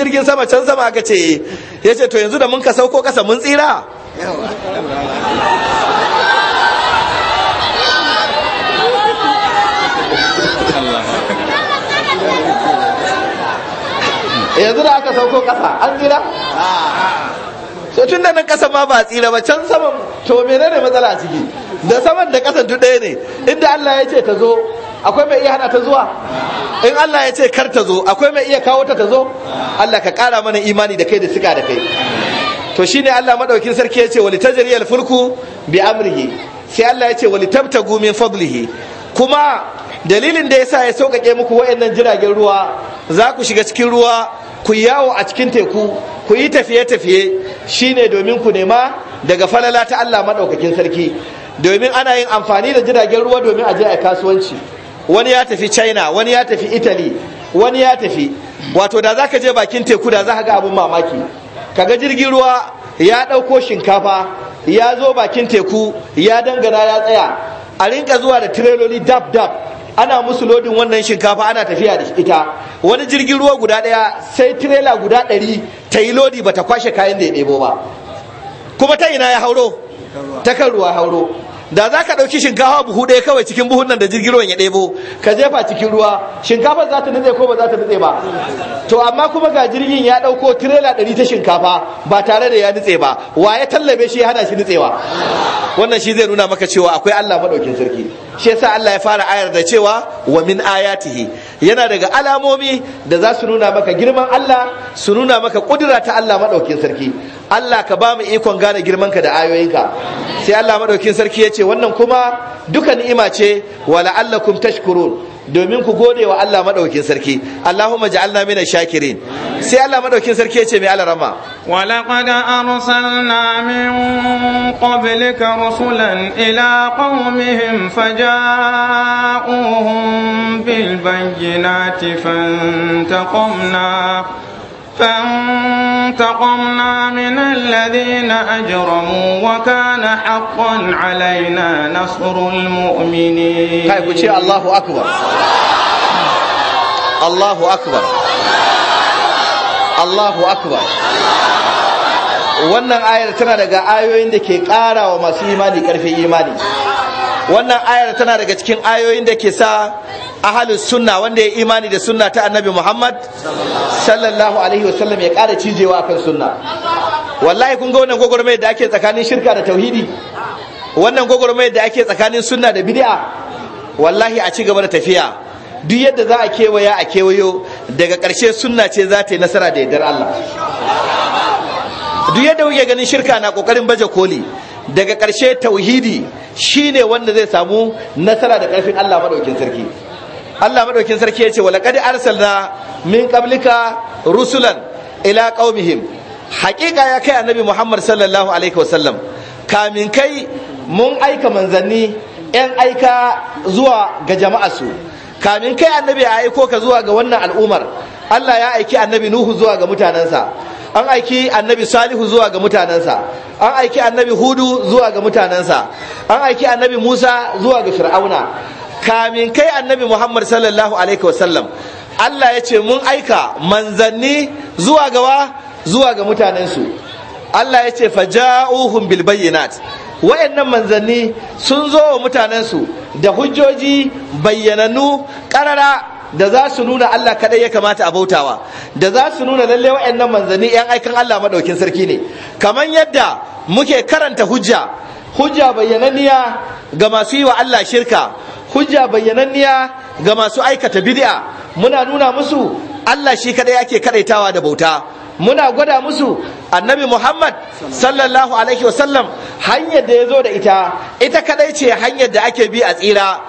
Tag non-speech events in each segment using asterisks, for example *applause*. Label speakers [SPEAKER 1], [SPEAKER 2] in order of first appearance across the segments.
[SPEAKER 1] jirgin sama can sama aka ce ya ce to yanzu da mun ka sauko kasa mun tsira yanzu da aka sauko kasa an tsira so tun da nan kasa ma ba tsira ba can saman to menene matsala ciki da saman da kasan duk ɗaya ne inda Allah ya ce ta zo akwai mai iya hana ta zuwa in Allah ya ce kar ta zo akwai mai iya kawo ta ta zo Allah ka kara mana imani da kai da suka da kai to shine Allah madaukin sarki ya ce walitajri fulku? bi amrihi sai Allah ya ce walitabtagu min fadlihi kuma dalilin da yasa ya sauƙaƙe muku wayannan jiragen ruwa za ku shiga cikin ruwa ku yawo a cikin teku ku yi tafiye-tafiye shine domin ku nema daga falala ta Allah madaukakin sarki domin ana yin amfani da jiragen ruwa domin a je a kasuwanci wani ya tafi china wani ya tafi italy wani ya tafi wato da za ka je bakin teku da za ka ga abin mamaki Ka ga jirgin ruwa ya ɗauko shinkafa ya zo bakin teku ya dangana ya tsaya a rinka zuwa da tireloli dab dab ana musu lodin wannan shinkafa ana tafiya da ita wani jirgin ruwa guda ɗaya sai tirela guda ɗari ta yi lodi ba ta kwashe kayan da ya ɗebo ba kuma ta ina ya hauro ta kan ruwa hauro da za ka ɗauki shinkafa buhu ɗaya kawai cikin buhun nan da jirgin ruwan ya ɗebo ka jefa cikin ruwa shinkafa za ta nutse ko ba za ta nutse ba to amma kuma ga jirgin ya ɗauko tirela ɗari ta shinkafa ba tare da ya nutse ba wa ya tallabe shi ya hana shi nutsewa wannan shi zai nuna maka cewa akwai allah maɗaukin sarki shi yasa Allah ya fara ayar da cewa wa min ayatihi yana daga alamomi da za su nuna maka girman Allah su nuna maka kudura ta Allah madaukin sarki Allah ka ba mu ikon gane girman ka da ayoyinka sai Allah madaukin sarki ya ce wannan kuma duka ni'ima ce wa la'allakum tashkurun domin ku gode wa Allah madaukin sarki Allahumma ja'alna minash shakirin sai Allah madaukin sarki ya ce mai alarama wa laqad arsalna min
[SPEAKER 2] qablika rusulan ila qaumihim faja'uhum bil bayyinati fantaqamna انتقمنا من الذين اجرموا وكان حقا علينا نصر المؤمنين كيف شيء الله
[SPEAKER 1] اكبر الله اكبر الله اكبر wannan ayar tana daga ayoyin da ke karawa masu imani ƙarfin imani wannan ayar tana daga cikin ayoyin da ke sa ahalus sunna wanda ya imani da sunna ta annabi muhammad sallallahu alaihi wasallam ya kara cijewa akan sunna wallahi kun ga wannan gwagwarmayar da ake tsakanin shirka da tauhidi wannan gwagwarmayar da ake tsakanin sunna da bid'a wallahi a ci gaba da tafiya duk yadda za a kewaya a kewayo daga ƙarshe sunna ce za ta yi nasara da yardar Allah duk yadda kuke ganin shirka na ƙoƙarin baje koli daga ƙarshe tauhidi shine wanda zai samu nasara da ƙarfin Allah maɗaukin sarki Allah maɗaukin sarki ce, wa laqad arsalna min qablika rusulan ila qaumihim haƙiƙa ya kai annabi Muhammad sallallahu alaihi wasallam kamin kai mun aika manzanni yan aika zuwa ga jama'arsu kamin kai annabi ya aiko ka zuwa ga wannan al'umar Allah ya aiki annabi Nuhu zuwa ga mutanensa an aiki annabi Salihu zuwa ga mutanensa an aiki annabi Hudu zuwa ga mutanensa an aiki annabi Musa zuwa ga Fir'auna kamin kai annabi muhammad sallallahu alaihi wasallam allah ya ce mun aika manzanni zuwa gawa zuwa ga mutanensu allah ya ce faja'uhum bil bayyinat wayannan manzanni sun zo wa mutanensu da hujjoji bayyananu karara da za su nuna Allah kadai ya kamata a bautawa da za su nuna lalle wayannan manzanni yan aikan Allah madaukin sarki ne kamar yadda muke karanta hujja hujja bayyananniya ga masu yi wa Allah shirka hujja bayyananniya ga masu aikata bid'a muna nuna musu Allah shi kadai ake kadaitawa da bauta muna gwada musu annabi Muhammad sallallahu alaihi wasallam hanyar da ya zo da ita ita kadai ce hanyar da ake bi a tsira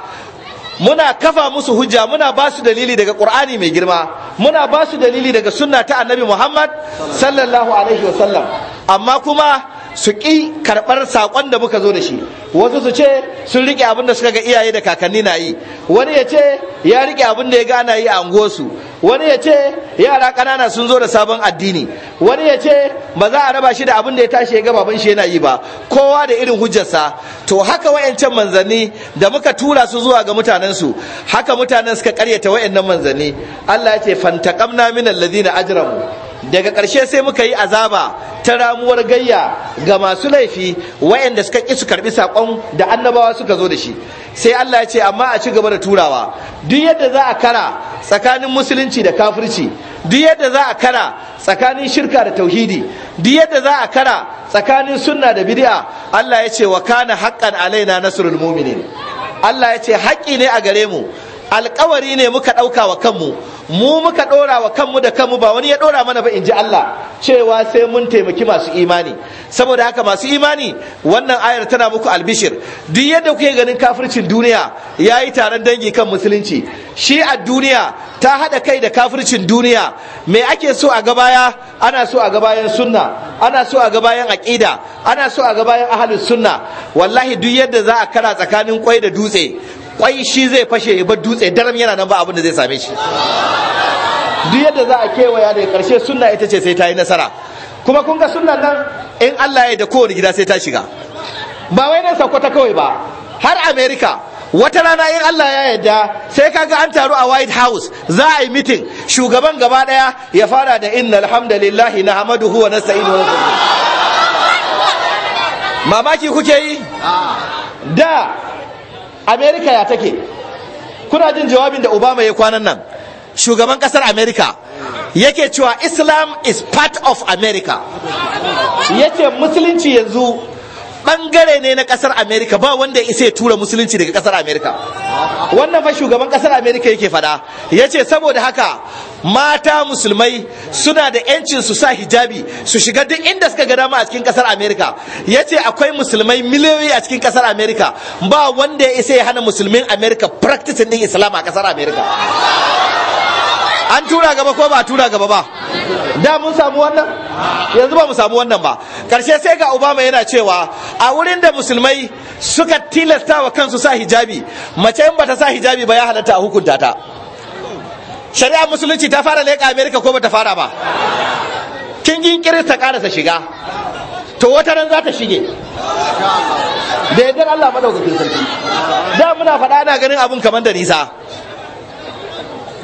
[SPEAKER 1] muna kafa musu hujja muna ba su dalili daga qur'ani mai girma muna ba su dalili daga sunna ta annabi muhammad sallallahu alaihi wasallam amma kuma su ƙi karɓar saƙon da muka zo da shi wasu su ce sun riƙe abin da suka ga iyaye da kakanni na yi wani ya ce ya riƙe abin da ya gana yi a unguwarsu wani ya ce yara ƙanana sun zo da sabon addini wani ya ce ba za a raba shi da abin da ya tashi ya ga baban shi yana yi ba kowa da irin hujjarsa to haka wayancan manzanni da muka tura su zuwa ga mutanensu haka mutanen suka ƙaryata wayannan manzanni Allah ya ce fantaqamna min ladina ajramu daga ƙarshe sai muka yi azaba ta ramuwar gayya ga masu laifi waɗanda suka ƙi su karɓi saƙon da annabawa suka zo da shi sai Allah ya ce amma a ci gaba da turawa duk yadda za a kara tsakanin musulunci da kafirci duk yadda za a kara tsakanin shirka da tauhidi duk yadda za a kara tsakanin sunna da bid'a Allah ya ce wa kana haqqan alaina nasrul mu'minin Allah ya ce haƙƙi ne a gare mu alkawari ne muka ɗauka wa kanmu mu muka ɗora wa kanmu da kanmu ba wani ya ɗora mana ba in ji Allah cewa sai mun taimaki masu imani saboda haka masu imani wannan ayar tana muku albishir duk yadda kuke ganin kafircin duniya ya yi taron dangi kan musulunci shi a duniya ta haɗa kai da kafircin duniya me ake so a gabaya ana so a gabayan sunna ana so a gabayan aƙida ana so a gabayan ahalus sunna wallahi duk yadda za a kara tsakanin kwai da dutse kwai shi zai fashe ba dutse daram yana nan ba abin da zai same shi duk yadda za a kewaya daga karshe sunna ita ce sai ta yi nasara kuma kun ga sunnan nan in Allah ya da kowane gida sai ta shiga ba wai nan sakwata kawai ba har America wata rana in Allah ya yarda sai kaga an taru a White House za a yi meeting shugaban gaba daya ya fara da inna hamdalillahi nahmaduhu wa nasta'inuhu wa mamaki kuke yi ah. da Amerika ya take kuna jin jawabin da obama ya kwanan nan shugaban kasar amerika yake cewa islam is part of america yace musulunci yanzu bangare ne na kasar Amerika. ba wanda ya isa ya tura musulunci daga kasar Amerika. wannan fa shugaban kasar america yake fada ya ce saboda haka mata musulmai suna da yancin su sa hijabi su shiga duk inda suka ga dama a cikin kasar america ya ce akwai musulmai miliyoyi a cikin kasar america ba wanda ya isa ya hana musulmin america practicing din islam a kasar america an tura gaba ko ba a tura gaba ba da mun samu wannan yanzu ba mu samu wannan ba karshe sai ga obama yana cewa a wurin da musulmai suka tilasta wa kansu sa hijabi mace in bata sa hijabi ba ya halatta a hukunta ta shari'a musulunci ta fara leƙa amerika ko bata fara ba kin kirista ta karasa shiga to wata ran za ta shige da yadda allah madaukakin sarki da muna faɗa ana ganin abun kamar da nisa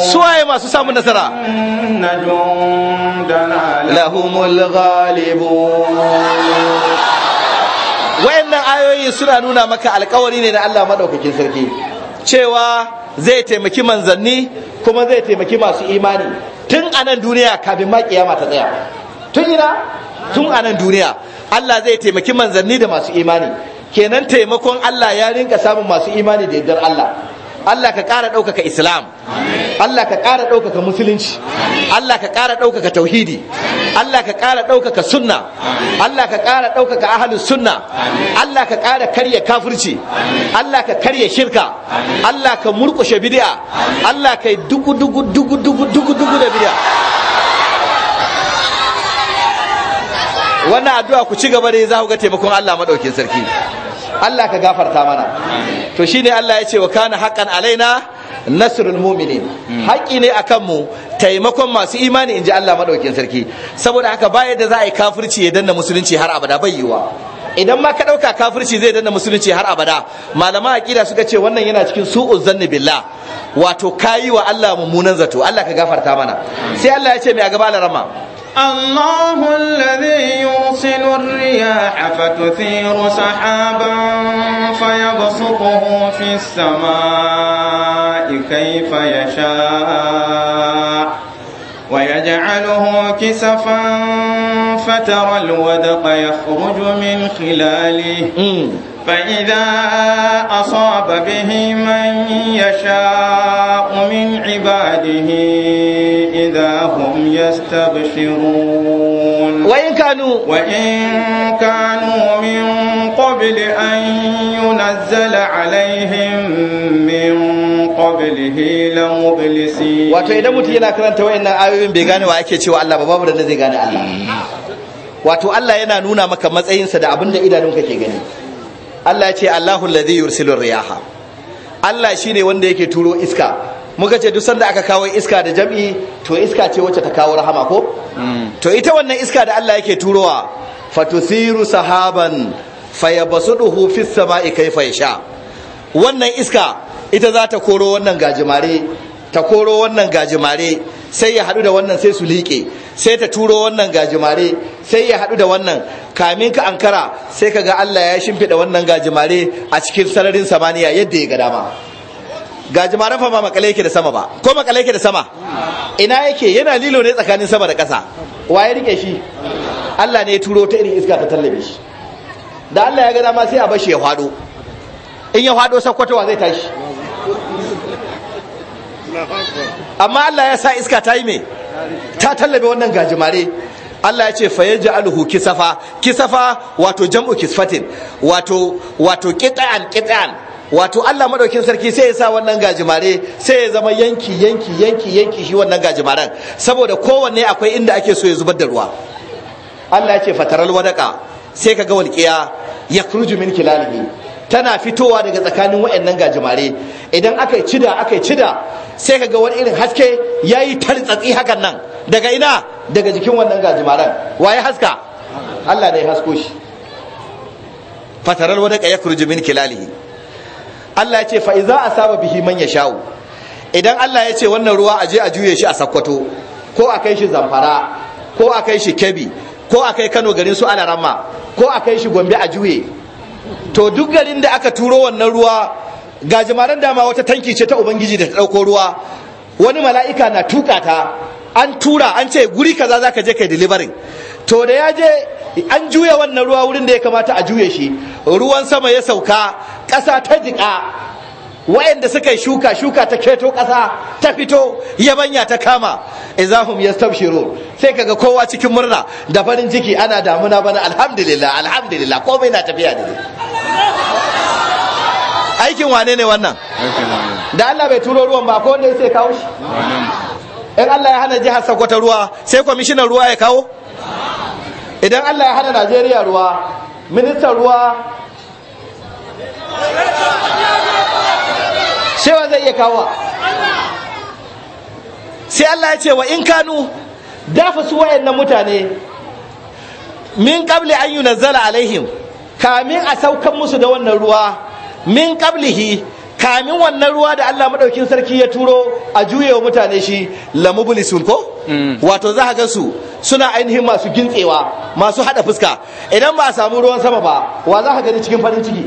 [SPEAKER 1] suwaye
[SPEAKER 2] masu samun nasara
[SPEAKER 1] lahumul ghalibun wayannan ayoyi suna nuna maka alkawari ne na Allah madaukakin sarki cewa zai taimaki manzanni kuma zai taimaki masu imani tun a nan duniya kafin ma kiyama ta tsaya tun ina tun a duniya Allah zai taimaki manzanni da masu imani kenan taimakon Allah ya rinka samun masu imani da yardar Allah Allah ka ƙara ɗaukaka Islam Allah ka ƙara ɗaukaka musulunci Allah ka ƙara ɗaukaka tauhidi Allah ka ƙara ɗaukaka sunna Allah ka ƙara ɗaukaka ahalus sunna Allah ka ƙara karya kafirci Allah ka karya shirka Allah ka murƙushe bid'a Allah ka yi dugu dugu dugu dugu dugu dugu da bid'a wannan addu'a ku ci gaba da za ku ga taimakon Allah madaukin sarki Allah ka gafarta mana to shine Allah ya ce wa kana haqqan alaina nasrul mu'minin hmm. haƙi ne akan mu taimakon masu imani inji Allah madaukin sarki saboda haka ba yadda za a yi kafirci ya danna musulunci har abada bai yiwa idan ma ka ɗauka kafirci zai danna musulunci har abada malaman aƙida suka ce wannan yana cikin su'uz zanni billah wato kayi wa Allah mummunan zato Allah ka gafarta mana hmm. sai Allah ya ce mai a gaba larama
[SPEAKER 2] الله الذي يرسل الرياح فتثير سحابا فيبسطه في السماء كيف يشاء ويجعله كسفا فترى الودق يخرج من خلاله فإذا أصاب به من يشاء من عباده إذا هم يستبشرون
[SPEAKER 1] وإن كانوا
[SPEAKER 2] وإن
[SPEAKER 1] كانوا
[SPEAKER 2] من قبل أن ينزل عليهم من
[SPEAKER 1] qablihi la mublisin wato idan mutum yana karanta wayannan ayoyin bai gane wa ake cewa Allah ba babu da zai gane Allah wato Allah yana nuna maka matsayinsa da abinda da idanunka ke gani Allah ya ce Allahu alladhi yursilu riyaha Allah shine wanda yake turo iska muka ce duk sanda aka kawo iska da jam'i to iska ce wacce ta kawo rahama ko to ita wannan iska da Allah yake turowa fatusiru sahaban fayabsuduhu fis sama'i kayfa yasha wannan iska ita za ta koro wannan gajimare ta koro wannan gajimare sai ya haɗu da wannan sai su liƙe sai ta turo wannan gajimare sai ya haɗu da wannan kamin ka ankara sai ka ga Allah ya shimfiɗa wannan gajimare a cikin sararin samaniya yadda ya ga dama gajimaren fa ba makale yake da sama ba ko makale yake da sama ina yake yana lilo ne tsakanin sama da ƙasa wa ya rike shi Allah ne ya turo ta irin iska ta tallabe shi da Allah ya ga dama sai a bashi ya faɗo in ya faɗo sakkwatowa zai tashi amma Allah ya sa iska ta yi mai ta tallabe wannan gajimare Allah ya ce faye ja'aluhu kisafa kisafa wato jam'u kisfatin wato wato kitan kitan wato Allah madaukin sarki sai ya sa wannan gajimare sai ya zama yanki yanki yanki yanki shi wannan gajimaren saboda kowanne akwai inda ake so ya zubar da ruwa Allah ya ce fataral wadaka sai kaga walqiya yakruju min kilalihi tana fitowa daga tsakanin waɗannan gajimare idan aka yi cida aka yi cida sai ka ga wani irin haske ya yi tartsatsi hakan nan daga ina daga jikin wannan gajimaren waye haska Allah ne hasko shi fataral wadaka yakhruju min kilalihi Allah ya ce fa a saba bihi man yashau idan Allah ya ce wannan ruwa a je a juye shi a Sakkwato ko a kai shi Zamfara ko a kai shi Kebbi ko a kai Kano garin su Alarama ko a kai shi Gombe a juye to duk garin da aka turo wannan ruwa ga dama wata tanki ce ta ubangiji da ta ɗauko ruwa wani mala'ika na tuka ta an tura an ce guri kaza za ka je kai delivering to da ya je an juya wannan ruwa wurin da ya kamata a juye shi ruwan sama ya sauka ƙasa ta jiƙa wa'anda suka shuka shuka ta keto ƙasa ta fito yabanya ta kama izahum yastabshiru sai kaga kowa cikin murna da farin ciki ana damuna bana alhamdulillah alhamdulillah komai na tafiya ne aikin wane ne wannan da Allah bai turo ruwan ba ko wanda sai kawo shi in Allah ya hana jihar Sokoto ruwa sai kwamishinan ruwa ya kawo idan Allah ya hana Najeriya ruwa ministan ruwa shewa zai iya kawo sai Allah ya ce wa in kanu dafa su wayannan mutane min qabli an yunazzala alaihim kamin a saukan musu da wannan ruwa min qablihi kamin wannan ruwa da Allah madaukin sarki ya turo a juye wa mutane shi lamublisun ko mm. wato za ga su suna ainihin masu gintsewa masu hada fuska idan ba a samu ruwan sama ba wa za ka gani cikin farin ciki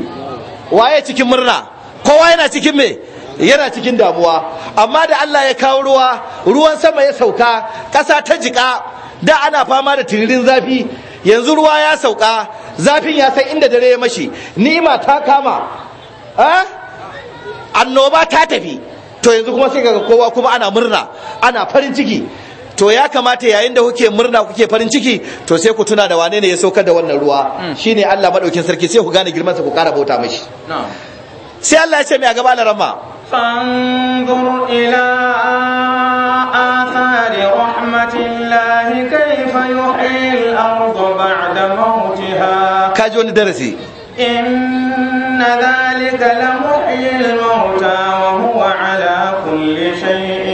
[SPEAKER 1] waye cikin murna kowa yana cikin me yana cikin damuwa amma da Allah ya kawo ruwa ruwan sama ya sauka ƙasa ta jika da ana fama da tiririn zafi yanzu ruwa ya sauka zafin ya san inda dare ya mashi ni'ima ta kama annoba ta tafi to yanzu kuma sai ga kowa kuma ana murna ana farin ciki to ya kamata yayin da kuke murna kuke farin ciki to sai ku tuna da wane ne ya saukar da wannan ruwa hmm. shine Allah madaukin sarki sai ku gane girman ku kara bauta mashi sai Allah ya ce mai a gaba rama فانظر إلى
[SPEAKER 2] آثار رحمة الله كيف يحيي الأرض بعد موتها
[SPEAKER 1] كاجون درسي
[SPEAKER 2] إن ذلك لمحي الموتى وهو على كل شيء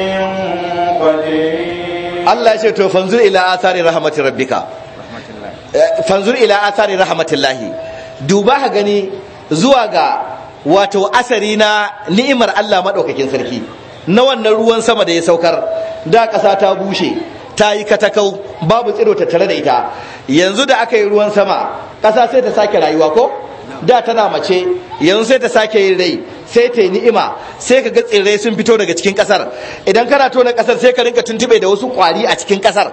[SPEAKER 1] Allah ya ce to fanzur ila asari rahmatir rabbika eh, fanzur ila asari rahmatillahi gani zuwa ga wato asari na ni'imar Allah maɗaukakin sarki na wannan ruwan sama da ya saukar da ƙasa ta bushe ta yi katakau babu tsiro ta tare da ita yanzu da aka yi ruwan sama ƙasa sai ta sake rayuwa ko da tana mace yanzu sai ta sake yin rai sai ta yi ni'ima sai ka ga tsirrai sun fito daga cikin ƙasar idan kana tona ƙasar sai ka rinka tuntuɓe da wasu ƙwari a cikin ƙasar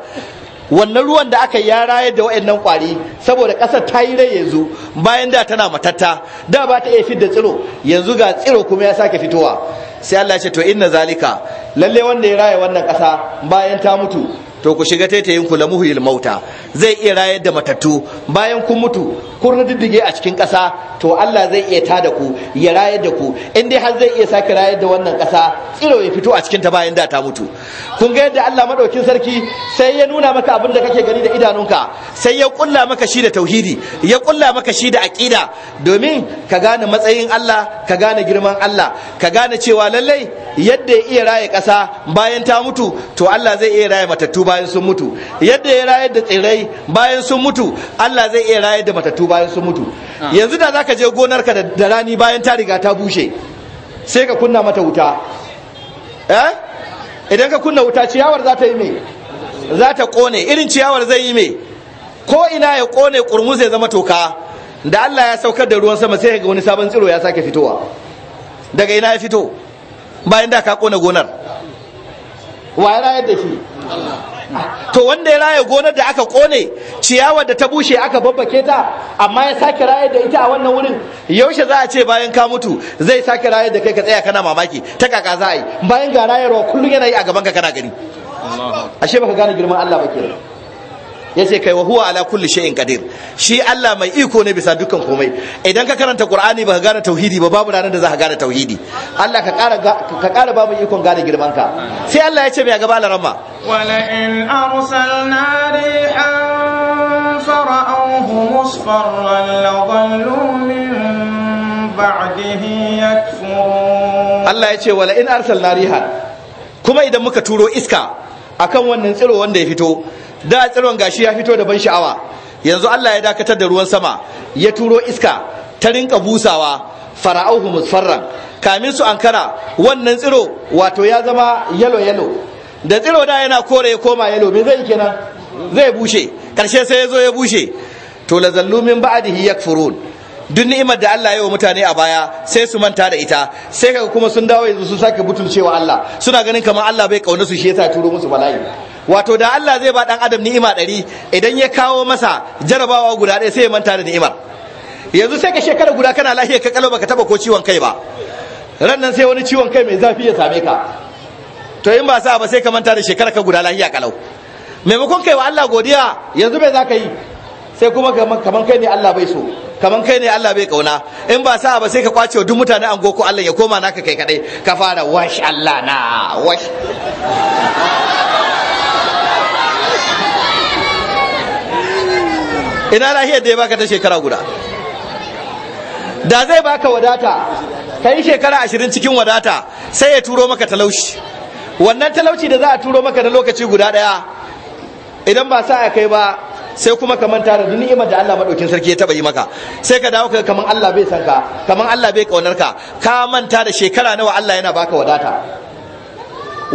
[SPEAKER 1] wannan ruwan da aka ya rayar da nan kwari saboda ƙasar ta yi rai yanzu bayan da tana matatta da ba ta iya da tsiro yanzu ga tsiro kuma ya sake fitowa sai Allah ya ce to inna zalika lalle wanda ya raye wannan ƙasa bayan ta mutu to ku shiga taitayin ku la muhuyil mauta zai iya rayar da matattu bayan kun mutu kun diddige a cikin ƙasa to Allah zai iya tada ku ya rayar da ku in dai har zai iya sake rayar da wannan ƙasa tsiro ya fito a cikin ta bayan da ta mutu kun ga yadda Allah madaukin sarki sai ya nuna maka abin da kake gani da idanunka sai ya kulla maka shi da tauhidi ya kulla maka shi da aqida domin ka gane matsayin Allah ka gane girman Allah ka gane cewa lallai yadda ya iya raye ƙasa bayan ta mutu to Allah zai iya raye matattu ba bayan sun mutu yadda ya rayar da tsirrai bayan sun mutu Allah zai iya rayar da matattu bayan sun mutu ah. yanzu da zaka je gonarka da rani bayan ta riga ta bushe sai ka kunna mata wuta eh idan ka kunna wuta ciyawar za ta yi me za ta kone irin ciyawar zai yi me ko ina ya kone kurmus ya zama toka da Allah ya saukar da ruwan sama sai ga wani sabon tsiro ya sake fitowa daga ina ya fito bayan da ka kona gonar wa ya rayar da shi to wanda ya raya gonar da aka kone ciyawa da ta bushe aka babbake ta amma ya sake rayar da ita a wannan wurin yaushe za a ce bayan ka mutu zai sake rayar da kai ka tsaya kana mamaki ta kaka za a yi bayan ga rayarwa kullum yana yi a gaban ka kana gani ashe baka gane girman Allah ba kenan Ya yace kai wa huwa ala kulli shay'in qadir shi Allah mai iko ne bisa dukkan komai idan ka karanta Qur'ani baka gane tauhidi ba babu ranar da za ka gane tauhidi Allah ka ƙara ka kara babu ikon gane girman ka sai Allah ya ce mai gaba larama
[SPEAKER 2] wala in arsalna rihan fara'uhu musfarran la
[SPEAKER 1] dhallu min
[SPEAKER 2] ba'dihi yakfur Allah ya ce wala
[SPEAKER 1] in arsalna rihan kuma idan muka turo iska akan wannan tsiro wanda ya fito da tsirwan gashi ya fito da ban sha'awa yanzu Allah ya dakatar da ruwan sama ya turo iska ta rinka busawa fara'auhu musfarran kamin su ankara wannan tsiro wato ya zama yalo yalo da tsiro da yana kore ya koma yalo me zai kenan zai bushe karshe sai ya zo ya bushe to la zallu min ba'dihi yakfurun duk ni'imar da Allah ya wa mutane a baya sai su manta da ita sai kaga kuma sun dawo yanzu sun sake butulcewa Allah suna ganin kamar Allah bai kauna su shi yasa turo musu bala'i wato da Allah zai ba dan adam ni'ima ɗari idan ya kawo masa jarabawa guda ɗaya sai ya manta da ni'imar yanzu sai ka shekara guda kana lafiya ka kalau baka taba ko ciwon kai ba ran nan sai wani ciwon kai mai zafi ya same ka to in ba sa ba sai ka manta da shekara ka guda lafiya kalau maimakon kai wa Allah godiya yanzu bai za ka yi sai kuma kaman kai ne Allah bai so kaman kai ne Allah bai kauna in ba sa ba sai ka kwace duk mutane an goko Allah ya koma naka kai kadai ka fara wash Allah na wash ina lahiyar da ya baka ta shekara guda da zai baka wadata ka yi shekara ashirin cikin wadata sai ya turo maka talauci wannan talauci da za a turo maka na lokaci guda ɗaya idan ba sa a kai ba sai kuma ka manta da ni'imar da Allah madaukin sarki ya taba yi maka sai ka dawo ka kaman Allah bai san ka kaman Allah bai kaunar ka ka manta da shekara nawa Allah yana baka wadata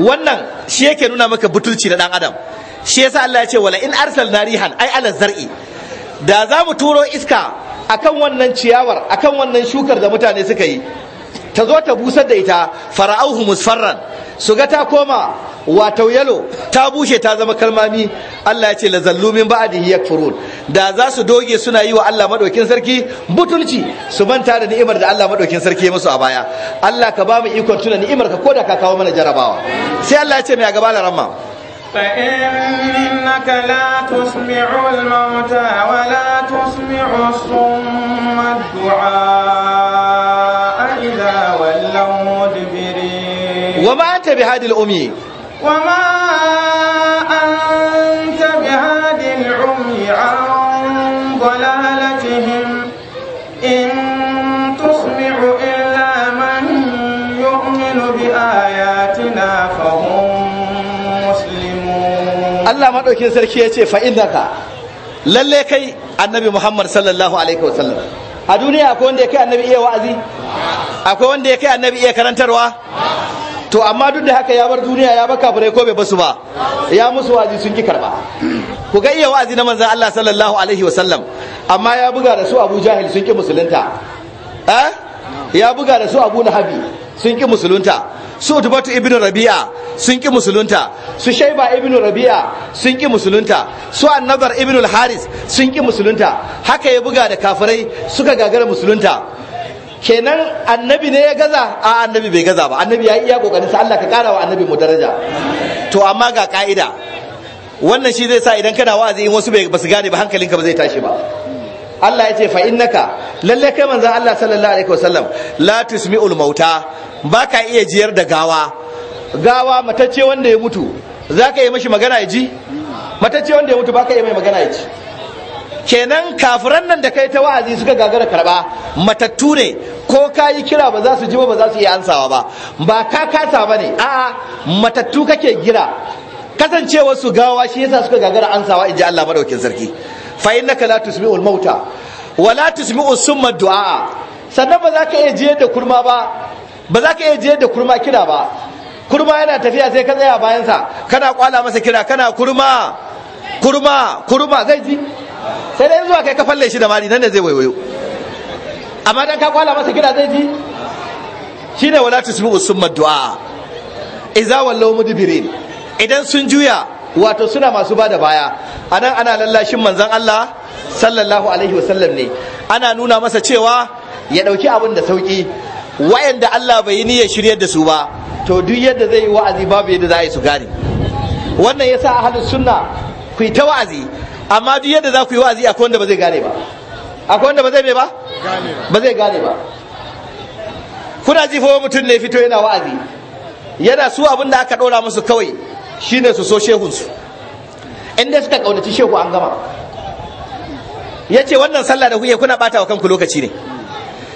[SPEAKER 1] wannan shi yake nuna maka butulci da ɗan adam shi yasa Allah ya ce wala in arsalna rihan ai ala zar'i da za mu turo iska akan wannan ciyawar akan wannan shukar da mutane suka yi ta zo ta busar da ita fara'auhu musfarran su ga ta koma wato yalo ta bushe ta zama kalmami Allah ya ce lazallu min ba'dihi yakfurun da za su doge suna yi wa Allah madaukin sarki butulci su manta da ni'imar da Allah madaukin sarki ya musu a baya Allah ka ba mu ikon tuna ni'imar ka da ka kawo mana jarabawa sai Allah ya ce mai gaba la ramma
[SPEAKER 2] فإنك لا تسمع الموتى ولا تسمع الصم الدعاء إذا ولوا مدبرين
[SPEAKER 1] وما أنت بهذه الأمي
[SPEAKER 2] وما أنت بهذه العمي عن ضلالتهم إن تسمع إلا من يؤمن بآياتنا فهم
[SPEAKER 1] Allah maɗaukin sarki ya ce fa'innaka lalle kai annabi Muhammad sallallahu alaihi wasallam a duniya akwai wanda ya kai annabi iya wa'azi akwai wanda ya kai annabi iya karantarwa to amma duk da haka ya bar duniya ya baka bare ko bai basu ba ya musu wa'azi sun ki karba ku ga iya wa'azi na manzon Allah sallallahu alaihi wasallam amma ya buga da su Abu Jahil sun ki musulunta eh ya buga da su Abu Habi. sun ki musulunta su utubatu Ibn rabi'a sun ki musulunta su shaiba Ibn rabi'a sun ki musulunta su annabar Ibn al-haris sun ki musulunta haka ya buga da kafirai suka gagara musulunta kenan annabi ne ya gaza a annabi bai gaza ba annabi ya yi iya kokarin sa Allah ka kara wa annabi mu daraja to amma ga ka'ida wannan shi zai sa idan kana wa'azi in wasu ba su gane ba hankalinka ba zai tashi ba Allah ya ce fa innaka lalle kai manzon Allah sallallahu alaihi wasallam la tusmi'ul mauta baka iya jiyar da gawa gawa matacce wanda ya mutu zaka yi mishi magana ya ji matacce wanda ya mutu baka iya mai magana ya ji kenan kafiran nan da kai ta wa'azi suka gagara karba matattu ne ko ka yi kira ba za su ji ba ba za su iya ansawa ba ba ka kasa ba ne a'a matattu kake gira kasancewar su gawa shi yasa suka gagara ansawa in ji Allah madaukin sarki fa innaka la tusmi'ul mauta wa la tusmi'u summa du'a sannan ba za ka iya jiyar da kurma ba ba za ka iya jiyar da kurma kira ba kurma yana tafiya sai ka tsaya bayan sa kana kwala masa kira kana kurma kurma kurma zai ji sai dai zuwa kai ka falle shi da mari nan ne zai waiwayo amma dan ka kwala masa kira zai ji shine wala tusmi'u summa du'a idza wallaw mudbirin idan sun juya wato suna masu bada baya A nan ana lallashin manzan Allah sallallahu alaihi wasallam ne ana nuna masa cewa ya dauki abin da sauki wayanda Allah bai yi niyyar shiryar da su ba to duk yadda zai yi wa'azi babu yadda za a yi su gane wannan ya sa ahalus sunna ku yi ta wa'azi amma duk yadda za ku yi wa'azi akwai wanda ba zai gane ba akwai wanda ba zai me ba ba zai gane ba kuna ji fa mutum ne fito yana wa'azi yana su abin da aka ɗora musu kawai Shi ne su so shehunsu inda suka kaunaci shehu an gama ya ce wannan sallah da huye kuna bata wa kanku lokaci ne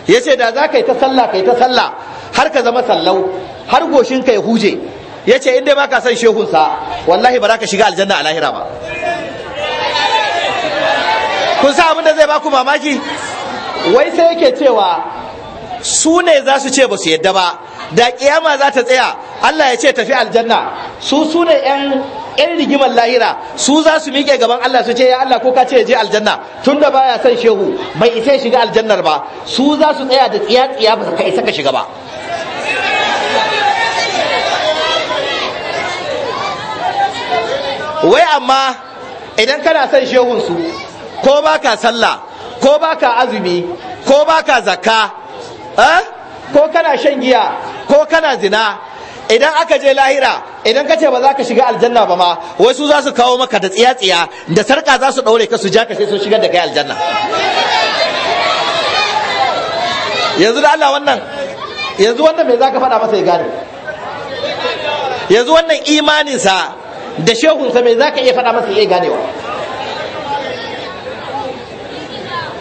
[SPEAKER 1] ya ce da za ka yi ta sallah ka yi ta sallah har ka zama sallau har goshin ka ya huje ya ce inda ba ka san shehunsa wallahi ba za ka shiga aljanna a lahira ba kun sa abin da zai baku mamaki wai sai yake cewa su ne za su ce ba su yadda ba da kiyama za ta tsaya Allah ya ce tafi aljanna su su ne yan yan rigimar lahira su za su miƙe gaban Allah su ce ya Allah ko ka ce je aljanna tun da baya son shehu bai isa ya shiga aljannar ba su za su tsaya da tsiya tsiya ba ka isa ka shiga ba wai amma idan kana son shehun su ko ba ka sallah ko ba ka azumi ko ba ka zakka eh? ko kana shan giya ko kana zina idan aka je lahira idan ka ce ba za ka shiga aljanna ba ma wasu za su kawo maka da tsiya-tsiya da sarka za su ɗaure ka su ja ka sai sun shigar da kai aljanna yanzu da Allah wannan yanzu wannan me za ka faɗa masa ya gane yanzu wannan imaninsa da shehunsa me za ka iya faɗa masa ya ganewa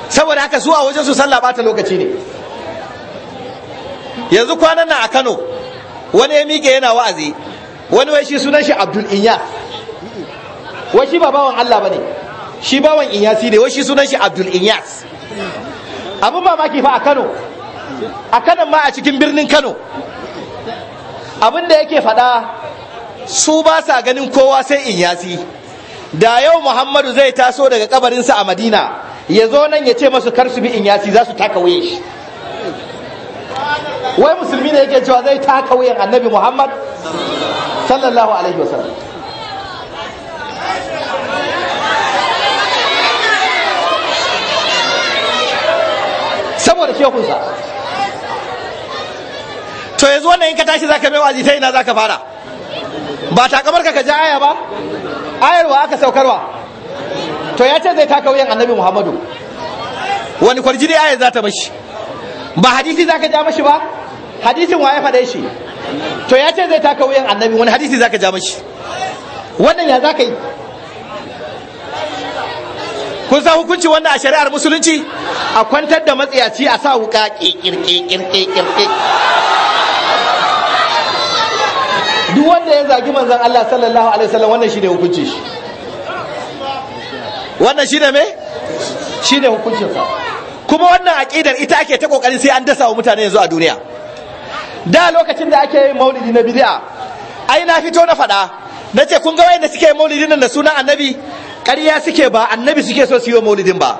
[SPEAKER 1] saboda haka su a wajen su sallah ta lokaci ne yanzu kwanan nan a Kano wani ya miƙe yana wa'azi wani wai shi sunan shi Abdul inya wai shi ba bawan Allah bane shi bawan Inyasi ne wai shi sunan shi Abdul Inyas ba maki fa a Kano a Kano ma a cikin birnin Kano abin da yake faɗa su ba sa ganin kowa sai Inyasi da yau Muhammadu zai taso daga kabarinsa a Madina ya zo nan ya ce masu kar su bi Inyasi za su taka waye shi wai musulmi ne yake cewa zai taka wuyan annabi muhammad sallallahu alaihi wasallam saboda shekunsa to yanzu wannan in ka tashi zaka mai wazi ta ina zaka fara ba kamar ka ji aya ba ayarwa aka saukarwa to ya ce zai taka wuyan annabi muhammadu wani kwarjini aya za ta bashi ba hadisi zaka ja mashi ba hadisin waye dai shi to ya ce zai taka wuyan annabi wani hadisi zaka ja mashi wannan ya zaka yi kun san hukunci wanda a shari'ar musulunci a kwantar da matsiyaci a sa wuka kirkirkirkirkirkir duk wanda ya zagi manzon Allah sallallahu alaihi wasallam wannan shine hukunci shi wannan shine me shine hukuncin sa kuma wannan aƙidar ita ake ta ƙoƙarin sai an dasa wa mutane yanzu a duniya da lokacin da ake yin maulidi na bid'a ai na fito na faɗa na ce kun ga wayanda suke maulidin nan da sunan annabi ƙarya suke ba annabi suke so su yi wa maulidin ba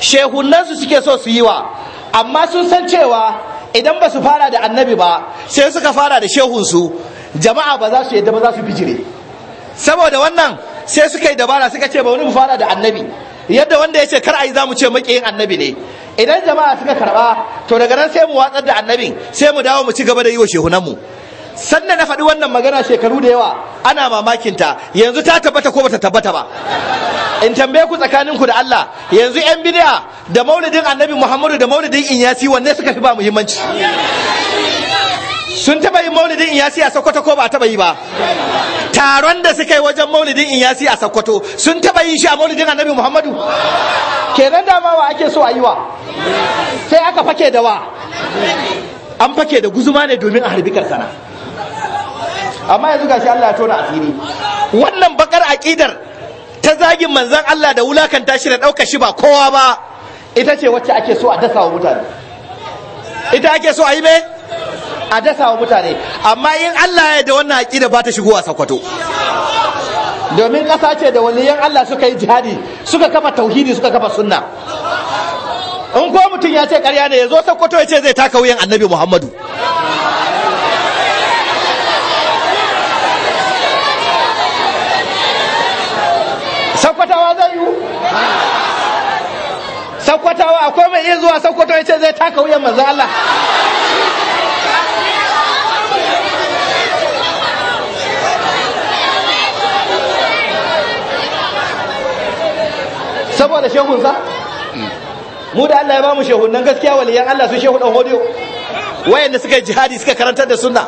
[SPEAKER 1] shehunansu suke so su yi wa amma sun san cewa idan ba su fara da annabi ba sai suka fara da shehun su jama'a ba za su yadda ba za su bijire saboda wannan sai suka yi dabara suka ce ba wani mu fara da annabi yadda wanda ya ce kar a yi za mu ce maƙiyin annabi ne idan jama'a suka karɓa to daga nan sai mu watsar da annabin sai mu dawo mu ci gaba da yi wa shehunanmu sannan na faɗi wannan magana shekaru da yawa ana mamakin ta yanzu ta tabbata ko bata tabbata ba in tambaye ku tsakanin ku da Allah yanzu yan bid'a da maulidin annabi Muhammadu da maulidin inyasi wanne suka fi ba muhimmanci sun taba yin maulidin iyasi a sokoto ko ba taba yi ba taron da suka yi wajen maulidin iyasi a sokoto sun taba yi shi a maulidin annabi muhammadu kenan dama wa ake so a yi wa sai aka fake da wa an fake da guzuma ne domin a harbi karsana amma yanzu gashi Allah ya tona asiri wannan bakar aƙidar ta zagin manzon Allah da wulakanta shi da ɗauka shi ba kowa ba ita ce wacce ake so a dasa wa mutane ita ake so a yi mai a dasa wa mutane amma in Allah ya da wannan da ba ta shigowa sakwato domin ƙasa ce da waliyan Allah suka yi jihadi suka kafa tauhidi suka kafa sunna in ko mutum ya ce ƙarya ne ya zo Sokoto ya ce zai taka wuyan Annabi Muhammadu sakwatawa zai yi akwai mai iya zuwa sakwato ya ce zai taka wuyan manzo Allah saboda shehunsa mu da Allah ya bamu shehunan gaskiya waliyan Allah su shehu dan hodiyo wayanda suka yi jihadi suka karantar da sunna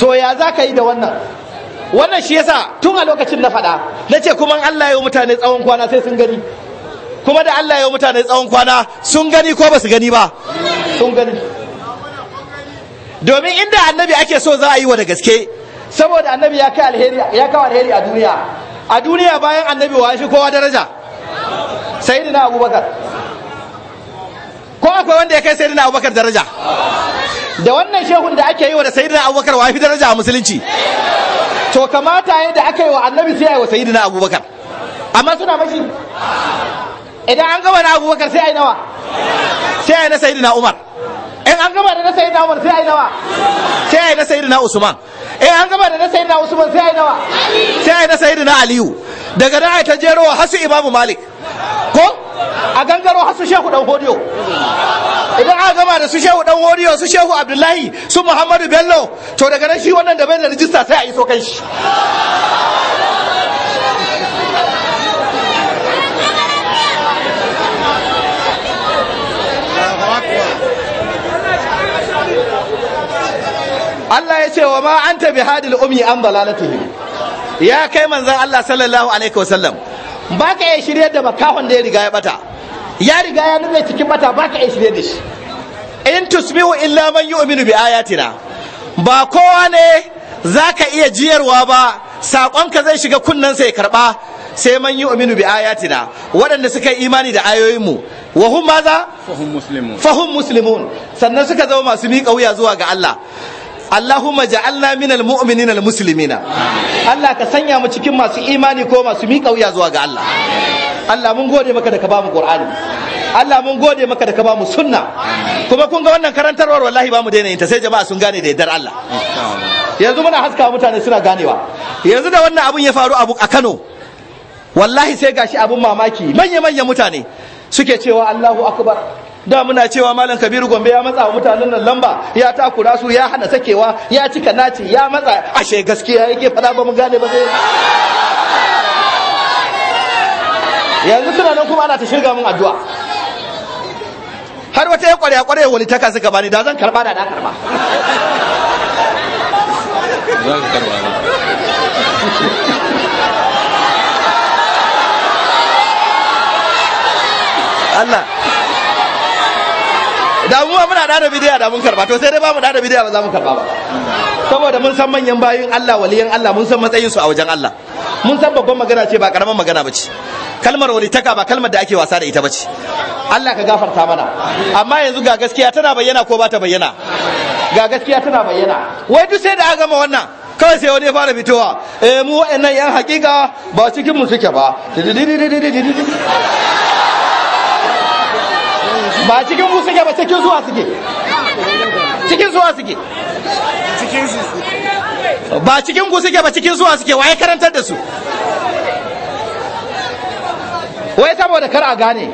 [SPEAKER 1] to ya za ka yi da wannan wannan shi yasa tun a lokacin na faɗa na ce kuma Allah ya yi mutane tsawon kwana sai sun gani kuma da Allah ya yi mutane tsawon kwana sun gani ko ba su gani ba sun gani domin inda annabi ake so za a yi wa da gaske saboda annabi ya kai alheri ya kawo alheri a duniya a duniya bayan annabi wa shi kowa daraja sayyidina abubakar ko akwai wanda ya kai sayyidina abubakar daraja da wannan shehun da ake yi wa da sayyidina abubakar wa fi daraja a musulunci to kamata yadda aka yi wa annabi sai a yi wa sayyidina abubakar amma suna mashi idan an gaba na abubakar sai a yi nawa sai a yi na sayyidina umar in an gama da na sayi namar sai ai nawa sai ai na sayi na usman in an gama da na sayi na usman sai ai nawa sai ai na sayi na aliyu daga na ta jero hasu imamu malik ko a gangaro hasu shehu dan hodiyo idan aka gama da su shehu dan hodiyo su shehu abdullahi su muhammadu bello to daga nan shi wannan da bai da rijista sai a iso kan shi Allah ya ce wa ma an tabi hadil ummi an dalalatihim ya kai manzon Allah sallallahu alaihi wasallam baka iya shirye da makahon da ya riga ya bata ya riga ya nuna cikin bata baka iya shirye da shi in tusbihu illa man yu'minu bi ayatina ba kowa ne zaka iya jiyarwa ba sakonka zai shiga kunnen sai karba sai man yu'minu bi ayatina waɗanda suka yi imani da ayoyinmu wa hum maza fahum muslimun sannan suka zama masu miƙa wuya zuwa ga Allah Allahumma ja'alna minal mu'minina al muslimina Allah ka sanya mu cikin masu imani ko masu miƙa wuya zuwa ga Allah Allah mun gode maka da ka bamu Qur'ani Allah mun gode maka da ka bamu sunna kuma kun ga wannan karantarwar wallahi ba mu daina yin ta sai jama'a sun gane da yardar Allah yanzu muna haskawa mutane suna ganewa yanzu da wannan abun ya faru abu a Kano wallahi sai gashi abun mamaki manya manya mutane suke cewa Allahu akbar da muna cewa malam kabiru gombe ya matsa mutanen nan lamba ya takura su ya hana sakewa ya cika naci ya matsa ashe gaskiya yake fada ba mu gane ba sai yanzu suna nan kuma ana ta shirga mun addu'a har wata ya kwarya kware wani taka suka bani da zan karba da na karba
[SPEAKER 3] zan karba
[SPEAKER 1] Allah da mu muna da da bidiya da mun karba to sai dai ba mu da da bidiya ba za mu karba ba saboda mun san manyan bayin Allah waliyan Allah mun san matsayin su a wajen Allah mun san babban magana ce ba karaman magana ba ce kalmar walitaka ba kalmar da ake wasa da ita ba ce Allah ka gafarta mana amma yanzu ga gaskiya tana bayyana ko ba ta bayyana ga gaskiya tana bayyana wai duk sai da aka gama wannan kawai sai wani ya fara fitowa eh mu wa'annan yan hakika ba cikin mu suke ba ba cikin mu suke ba cikin zuwa suke cikin zuwa suke ba cikin ku suke ba cikin zuwa suke waye karantar da su wai saboda kar a gane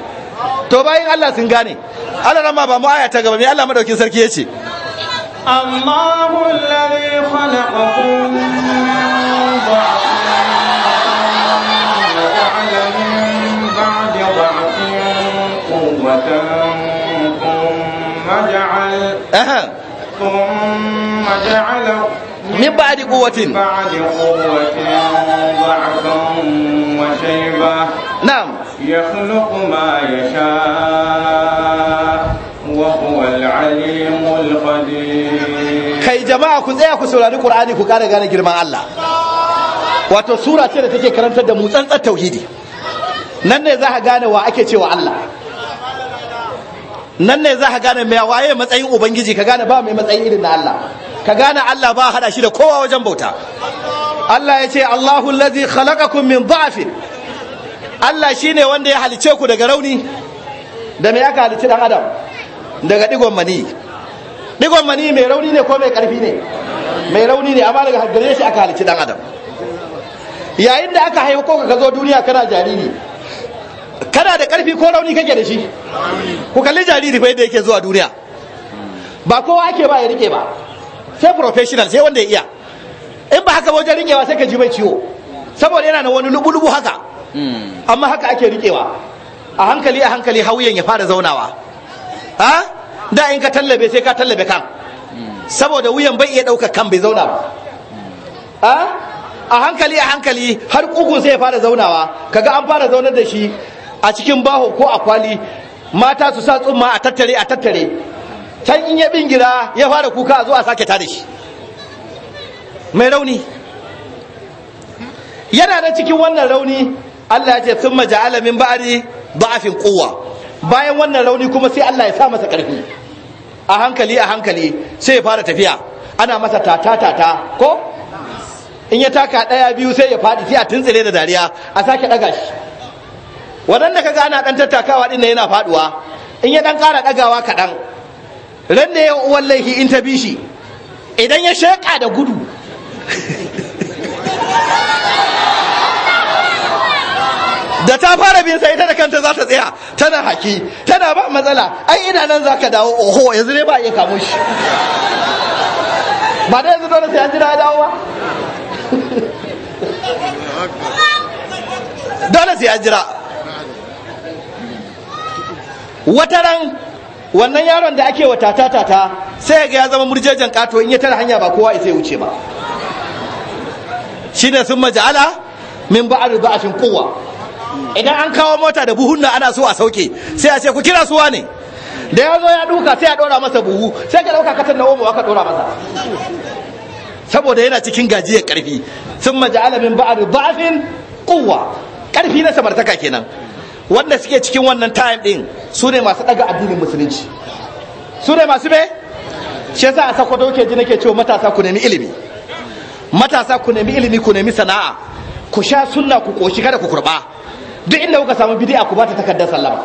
[SPEAKER 1] to bayin Allah sun gane Allah nan ma ba mu aya ta gaba me Allah madaukin sarki yace Allahu
[SPEAKER 2] alladhi khalaqakum min aha thumma
[SPEAKER 1] ja'ala min ba'di quwwatin
[SPEAKER 2] ba'di quwwatin ضعفا وشيبا نعم يخلق ما يشاء وهو العليم القدير kai
[SPEAKER 1] jama'a ku tsaya ku saurari qur'ani ku kare gane girman Allah wato sura ce da take karantar da mu tsantsar tauhidi nan ne za ka gane wa ake cewa Allah nan ne za ka gane mai waye matsayin ubangiji ka gane ba mai matsayin irin na Allah ka gane Allah ba hada shi da kowa wajen bauta Allah ya ce Allahu allazi khalaqakum min dha'fin Allah shine wanda ya halice ku daga rauni da me aka halice dan adam daga digon mani digon mani mai rauni ne ko mai karfi ne mai rauni ne amma daga gare shi aka halice dan adam yayin da aka haifa ko ka zo duniya kana jariri kana da karfi ko rauni kake da shi ku kalli jariri fa yadda yake zuwa duniya ba kowa ake ba ya rike ba sai professional sai wanda ya iya in ba haka wajen rikewa sai ka ji mai ciwo saboda yana da wani lubu-lubu haka hmm. amma haka ake rikewa a hankali a hankali hauyen ya fara zaunawa ha da in ka tallabe sai ka tallabe kan hmm. saboda wuyan bai iya ɗaukar kan bai zauna ba hmm. a hankali a hankali har kugun sai ya fara zaunawa kaga an fara zaunar da shi a cikin baho ko a kwali mata su sa tsumma a tattare a tattare can in ya bingira ya fara kuka a zo a sake tada shi mai rauni yana da cikin wannan rauni Allah ya ce sun maja alamin ba'ari ba'afin kowa bayan wannan rauni kuma sai Allah ya sa masa ƙarfi a hankali a hankali sai ya fara tafiya ana masa tata tata ko in ya taka ɗaya biyu sai ya faɗi sai a tuntsire da dariya a sake ɗaga shi waɗanda kaga ana ɗan tattakawa ɗin yana faɗuwa in ya ɗan ƙara ɗagawa kaɗan ran da ya uwan laifi in ta bi shi idan ya sheƙa da gudu *laughs* da ta fara bin sai ita da kanta za ta tsaya tana haki tana ba matsala ai ina nan za ka dawo oho yanzu ne ba iya kamo shi ba da yanzu dole sai an jira dawo ba *laughs* dole sai an jira wata ran wannan yaron da ake wata tata sai ga ya zama murjejen kato in ya tara hanya ba kowa sai wuce ba shine sun maja'ala min ba'ar ba'ashin kowa idan an kawo mota da buhunna ana so a sauke sai a ce ku kira suwa ne da ya zo ya duka sai a dora masa buhu sai ka dauka katon na omo aka dora masa saboda yana cikin gajiyar karfi sun maja'ala min ba'ar ba'ashin kowa karfi na samartaka kenan wanda suke cikin wannan time din su ne masu daga addinin musulunci su ne masu me shi yasa a sakwato ke ji nake cewa matasa ku nemi ilimi matasa ku nemi ilimi ku nemi sana'a ku sha sunna ku koshi kada ku kurba duk inda kuka samu bid'a ku bata takardar sallama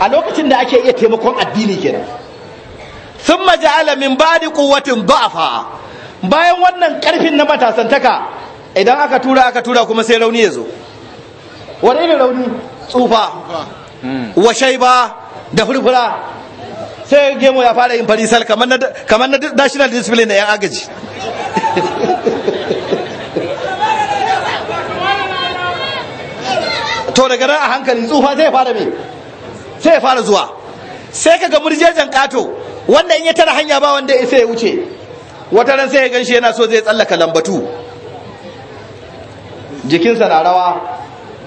[SPEAKER 1] a lokacin da ake iya taimakon addini kenan thumma ja'ala min ba'di quwwatin da'afa bayan wannan karfin na matasantaka idan aka tura aka tura kuma sai rauni ya zo wani irin rauni tsufa hmm. wa shaiba da furfura sai gemu ya fara yin farisal kamar na national discipline na yan agaji *laughs* to daga nan a hankali tsufa zai fara mai sai fara zuwa sai kaga murjejan kato wanda in ya tara hanya ba wanda ya sai wuce wata ran sai ya ganshi yana so zai tsallaka lambatu jikinsa na rawa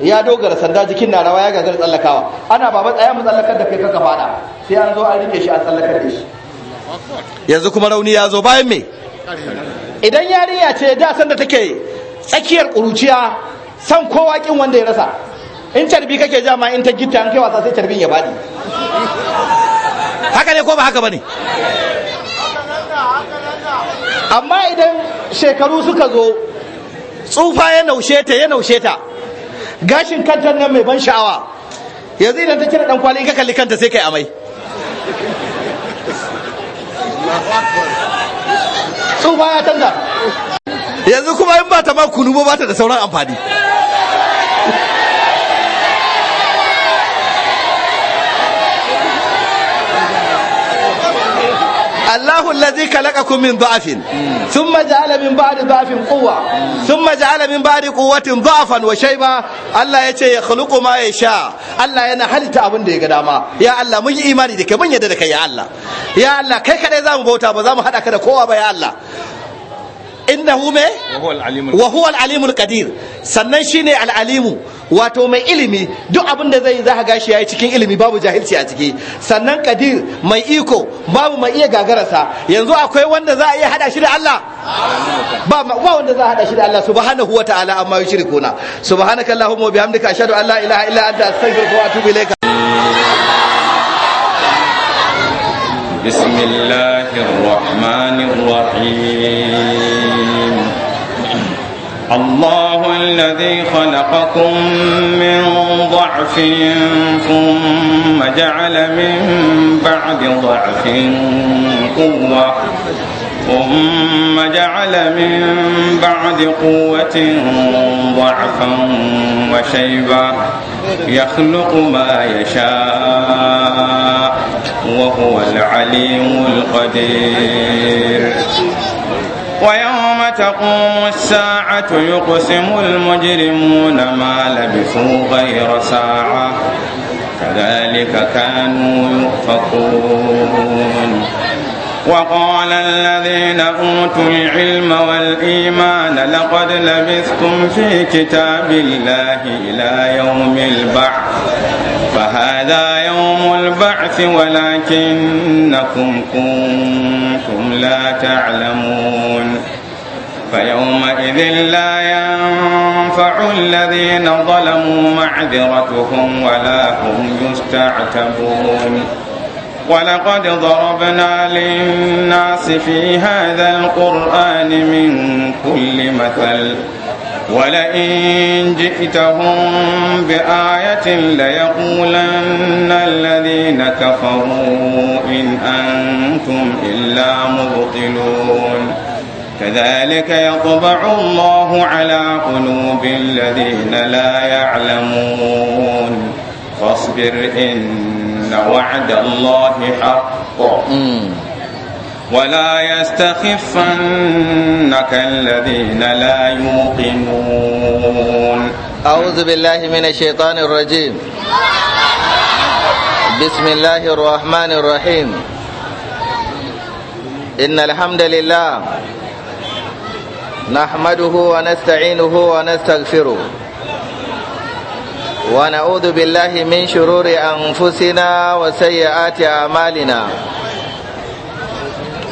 [SPEAKER 1] ya dogara sanda jikin na rawa ya gagar tsallakawa ana ba matsaya mu tsallakar da kai kaka fada sai an zo an rike shi an tsallakar da shi yanzu kuma rauni ya zo bayan me idan yarinya ce da sanda take tsakiyar kuruciya san kowa kin wanda ya rasa in carbi kake ja in ta gitta an kai wasa sai carbin ya badi haka ne ko ba haka bane amma idan shekaru suka zo tsufa ya naushe ta ya naushe ta gashin kanta nan mai ban sha'awa yanzu idan ta kira dan kwali ka kalli kanta sai kai amai tsufa ya canza yanzu kuma in ba ta ba kunu ba ta da sauran amfani Allahu allazi khalaqakum min dha'fin thumma ja'ala min ba'di dha'fin quwwa thumma ja'ala min ba'di Allah ya khluqu ma yasha Allah yana ya ga dama mun yi imani da kai mun yarda da kai ya Allah ya Allah kai kadai zamu bauta ba zamu hada ka da kowa ba ya Allah alimul qadir sannan shine al-alimu wato mai ilimi duk abin da zai za ka gashi yayi cikin ilimi babu jahilci a ciki sannan kadir mai iko babu mai iya gagararsa yanzu akwai wanda za a iya hada shi da Allah ba ba wanda za a hada shi da Allah subhanahu wa ta'ala amma yushrikuna subhanaka allahumma bihamdika ashhadu an la ilaha illa anta astaghfiruka wa atubu ilayka
[SPEAKER 2] بسم الله
[SPEAKER 1] الرحمن
[SPEAKER 2] الرحيم الله الذي خلقكم من ضعف ثم جعل من بعد ضعف قوة ثم جعل من بعد قوة ضعفا وشيبا يخلق ما يشاء وهو العليم القدير ويوم تقوم الساعة يقسم المجرمون ما لبثوا غير ساعة كذلك كانوا يؤفقون وقال الذين أوتوا العلم والإيمان لقد لبثتم في كتاب الله إلى يوم البعث فهذا يوم البعث ولكنكم كنتم لا تعلمون فيومئذ لا ينفع الذين ظلموا معذرتهم ولا هم يستعتبون ولقد ضربنا للناس في هذا القرآن من كل مثل ولئن جئتهم بآية ليقولن الذين كفروا إن أنتم إلا مبطلون كذلك يطبع الله على قلوب الذين لا يعلمون فاصبر إن وعد الله حق ولا يستخفنك الذين لا يوقنون
[SPEAKER 1] أعوذ بالله من الشيطان الرجيم بسم الله الرحمن الرحيم إن الحمد لله نحمده ونستعينه ونستغفره ونعوذ بالله من شرور أنفسنا وسيئات أعمالنا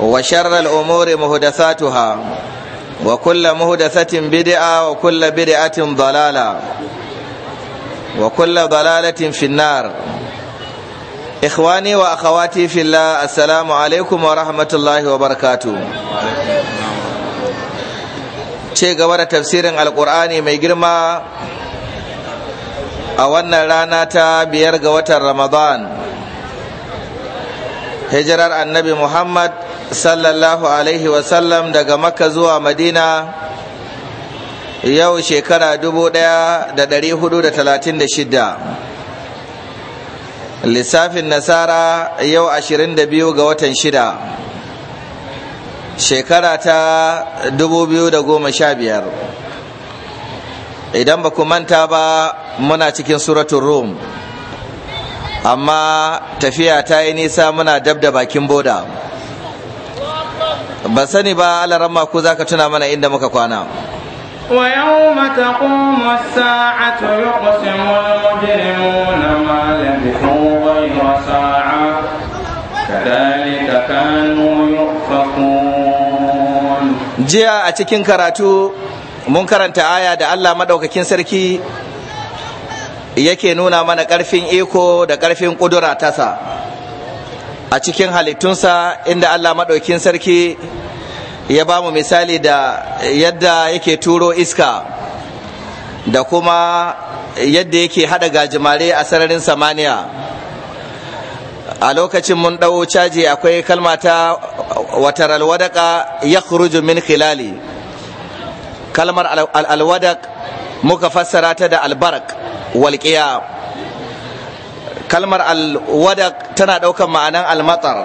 [SPEAKER 1] وشر الأمور مهدثاتها وكل مهدثة بدعة وكل بدعة ضلالة وكل ضلالة في النار إخواني وأخواتي في الله السلام عليكم ورحمة الله وبركاته ce gaba da tafsirin alkur'ani mai girma a wannan rana ta biyar ga watan ramadan hijirar annabi muhammad sallallahu alaihi wasallam daga maka zuwa madina yau shekara shida. lissafin nasara yau ashirin da 22 ga watan shida shekara ta 2015 idan ba manta ba muna cikin suratun rum amma tafiya ta yi nisa muna dab da bakin boda ban sani ba alaramma ko zaka tuna mana inda muka kwana
[SPEAKER 2] Wa ويوم تقوم الساعة يقسم المجرمون ما لبثوا غير ساعة كذلك
[SPEAKER 1] كانوا Jiya a cikin karatu mun karanta aya da Allah madaukakin sarki yake nuna mana ƙarfin iko da ƙarfin ƙudura tasa a cikin halittunsa inda Allah maɗaukin sarki ya ba mu misali da yadda yake turo iska da kuma yadda yake haɗa gajimare a sararin samaniya a lokacin mun ɗau caji akwai kalma ta watar alwadaka ya min khilali kalmar alwadak muka fassara ta da albark walƙiya kalmar alwadak tana ɗaukar ma'anar almatar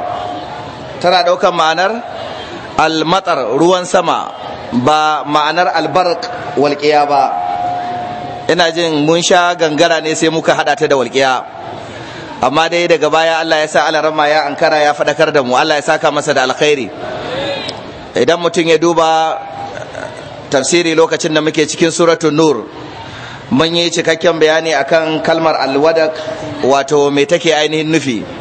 [SPEAKER 1] tana ɗaukar ma'anar almatar ruwan sama ba ma'anar albark walƙiya ba ina jin mun sha gangara ne sai muka haɗa ta da walƙiya amma dai daga baya Allah ya sa alarama ya ankara ya faɗakar da mu Allah ya saka masa da alkhairi idan mutum ya duba eh, tafsiri lokacin da muke cikin suratun nur mun yi cikakken bayani akan kalmar alwadak wato me take ainihin nufi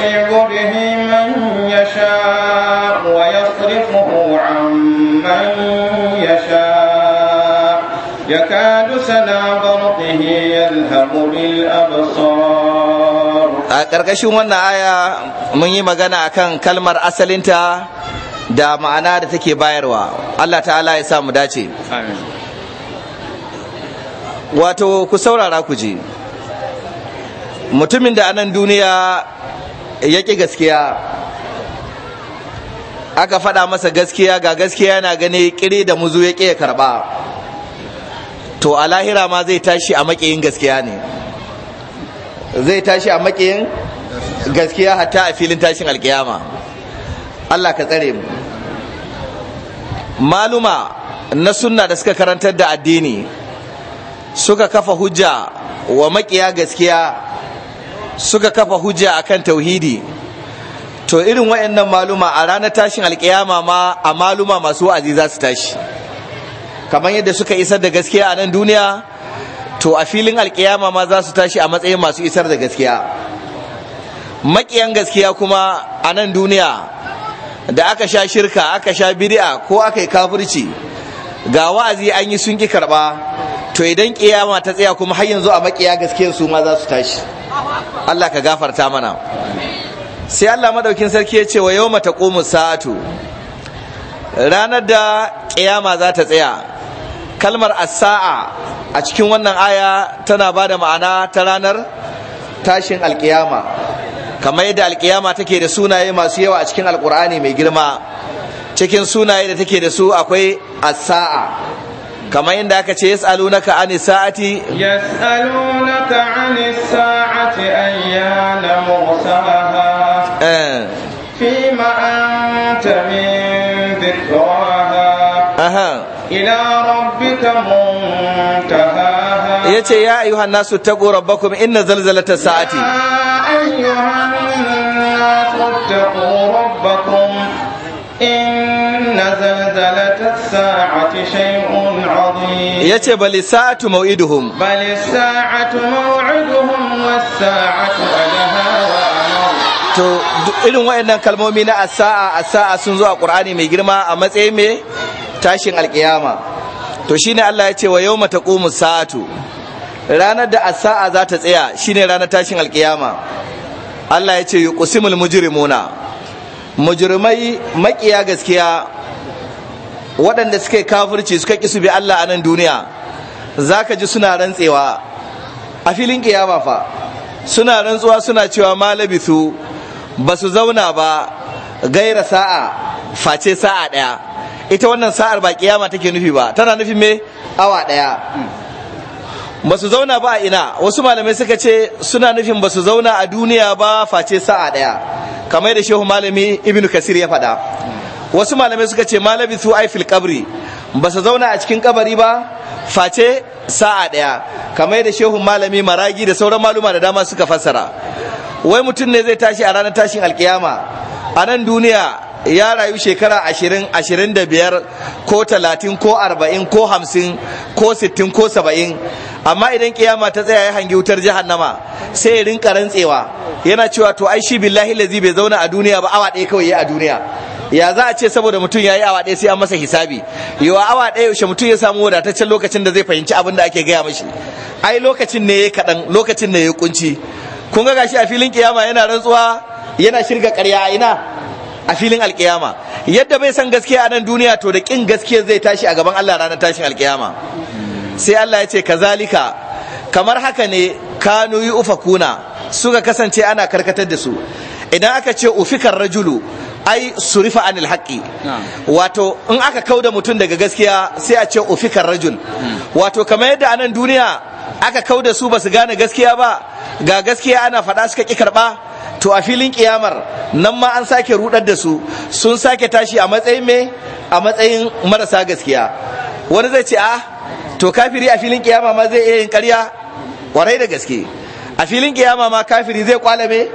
[SPEAKER 2] يصيب به من يشاء ويصرفه عن من يشاء يكاد سنا برقه
[SPEAKER 1] يذهب بالأبصار a ƙarƙashin wannan aya mun yi magana أسل kalmar asalinta da ma'ana da take bayarwa Allah ta'ala ya sa mu dace wato ku saurara ku ji mutumin da anan duniya ya ƙi gaskiya aka faɗa masa gaskiya ga gaskiya yana gani ƙiri da muzu ya ƙi ya karɓa to a lahira ma zai tashi a maƙiyin gaskiya ne zai tashi a maƙiyin gaskiya hatta a filin tashin alƙiyama Allah ka tsare mu maluma na sunna da suka karantar da addini suka kafa hujja wa maƙiya gaskiya suka kafa hujja akan tauhidi to irin wayannan maluma a ranar tashin alkiyama ma a maluma masu wa'azi za su tashi kamar yadda suka isar da gaskiya a nan duniya to a filin alkiyama ma za su tashi a matsayin masu isar da gaskiya maƙiyan gaskiya kuma a nan duniya da aka sha shirka aka sha bid'a ko aka yi kafirci ga wa'azi an yi sun ki karɓa to idan ƙiyama ta tsaya kuma har yanzu a maƙiya gaskiyar su ma za su tashi Allah ka gafarta mana sai Allah madaukin sarki ya ce wa yau mata sa'atu ranar da ƙiyama za ta tsaya kalmar asa'a a cikin wannan aya tana ba da ma'ana ta ranar tashin alkiyama kamar yadda alkiyama take da sunaye masu yawa a cikin alkur'ani mai girma cikin sunaye da take da su akwai asa'a كما عند أكتش يسألونك عن الساعة
[SPEAKER 2] يسألونك عن الساعة أيان مرسلها آه. فيما أنت من ذكرها
[SPEAKER 1] أها إلى
[SPEAKER 2] ربك منتهاها
[SPEAKER 1] يتش يا أيها الناس اتقوا ربكم إن زلزلة الساعة يا
[SPEAKER 2] أيها الناس اتقوا ربكم إن زلزلة الساعة شيء عظيم
[SPEAKER 1] يتي بل الساعة موعدهم
[SPEAKER 2] بل الساعة
[SPEAKER 1] موعدهم والساعة أدهى to irin wayannan kalmomi na asa'a asa'a sun zo a ƙur'ani mai girma a matsayin mai tashin alkiyama. to shine Allah ya ce wa yawma taqumu sa'atu ranar da asa'a za ta tsaya shine ranar tashin alkiyama. Allah ya ce yuqsimul mujrimuna mujrimai makiya gaskiya waɗanda suka kafirci suka ƙi su bi Allah a nan duniya za ka ji suna rantsewa a filin ƙiyama fa suna rantsuwa suna cewa su, ba su zauna ba gaira sa'a face sa'a ɗaya ita wannan sa'ar ba ƙiyama take nufi ba tana nufin me awa ɗaya ba su zauna ba a ina wasu malamai suka ce suna nufin ba su zauna a duniya ba face sa'a ɗaya kamar da shehu malami ibnu kasir ya faɗa wasu malamai suka ce malabi su aifil kabri ba su zauna a cikin kabari ba face sa'a daya kamar yadda shehun malami maragi da sauran maluma da dama suka fassara wai mutum ne zai tashi a ranar tashin alkiyama a nan duniya ya rayu shekara ashirin ashirin da biyar ko talatin ko arba'in ko hamsin ko sittin ko saba'in amma idan kiyama ta tsaya ya hangi wutar jahannama sai ya rinka rantsewa yana cewa to ai shi billahi lazi bai zauna a duniya ba awa ɗaya kawai ya a duniya ya za a ce saboda mutum ya yi awa ɗaya sai an masa hisabi yawa awa ɗaya yaushe mutum ya samu wadataccen lokacin da zai fahimci abin da ake gaya mashi ai lokacin ne ya kaɗan lokacin ne ya kunci kun ga gashi a filin kiyama yana rantsuwa yana shirga ƙarya a ina a filin alkiyama yadda bai san gaskiya a nan duniya to da kin gaskiya zai tashi a gaban Allah ranar tashin alkiyama sai Allah ya ce kazalika kamar haka ne kanu yi ufakuna suka kasance ana karkatar da su idan aka ce ufikar rajulu ai surifa anil haqqi wato in aka da mutum daga gaskiya sai a ce ufikar rajul hmm. wato kamar yadda anan duniya aka kau da su basu gane gaskiya ba ga gaskiya ana faɗa suka ki karɓa to a filin kiyamar nan ma an sake rudar da su sun sake tashi a matsayin me a matsayin marasa gaskiya wani zai ce a ah, to kafiri a filin kiyama ma zai iya yin ƙarya kwarai da gaske a filin kiyama ma kafiri zai kwalame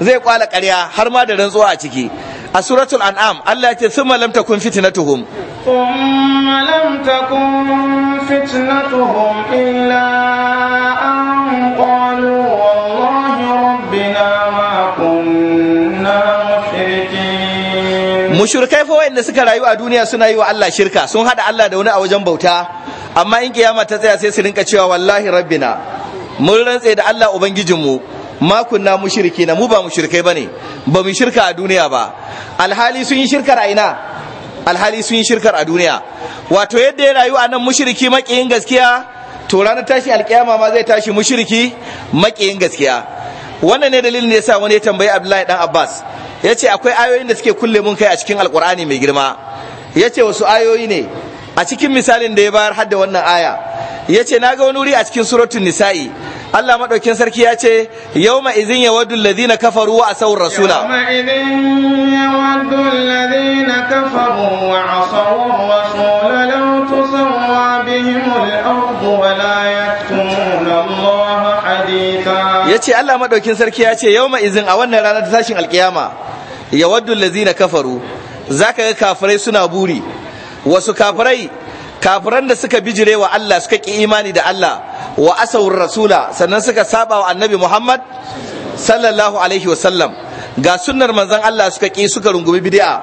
[SPEAKER 1] zai kwala ƙarya har ma da rantsuwa a ciki a suratul an'am Allah ya ce summa lam takun fitnatuhum
[SPEAKER 2] summa lam takun fitnatuhum illa an qalu wallahi rabbina ma kunna mushrikin
[SPEAKER 1] mushrikai fa wanda suka rayu a duniya suna yi wa Allah shirka sun hada Allah da wani a wajen bauta amma in kiyama ta tsaya sai su rinka cewa wallahi rabbina mun rantse da Allah ubangijinmu ma kunna mushriki na mu ba mushrikai bane ba mu shirka a duniya ba alhali sun yi shirkar a ina alhali sun yi shirkar a duniya wato yadda ya rayu a nan mushriki makiyin gaskiya to ranar tashi alkiyama ma zai tashi mushriki makiyin gaskiya wannan ne dalilin da yasa wani ya tambayi Abdullahi dan Abbas yace akwai ayoyin da suke kulle mun kai a cikin alkur'ani mai girma yace wasu ayoyi ne a cikin misalin da ya bayar hadda wannan aya yace naga wani wuri a cikin suratul nisa'i Allah maɗaukin sarki ya ce yau ma izin ya wadu ladina kafaru wa asawun rasula ya ce Allah maɗaukin sarki ya ce yau ma izin a wannan ranar ta tashin alkiyama ya wadu ladina kafaru za ka ga kafirai suna buri wasu kafirai kafiran da suka bijire wa Allah suka ki imani da Allah wa asawur rasula sannan suka saba wa annabi Muhammad sallallahu alaihi wasallam ga sunnar manzon Allah suka ki suka rungumi bid'a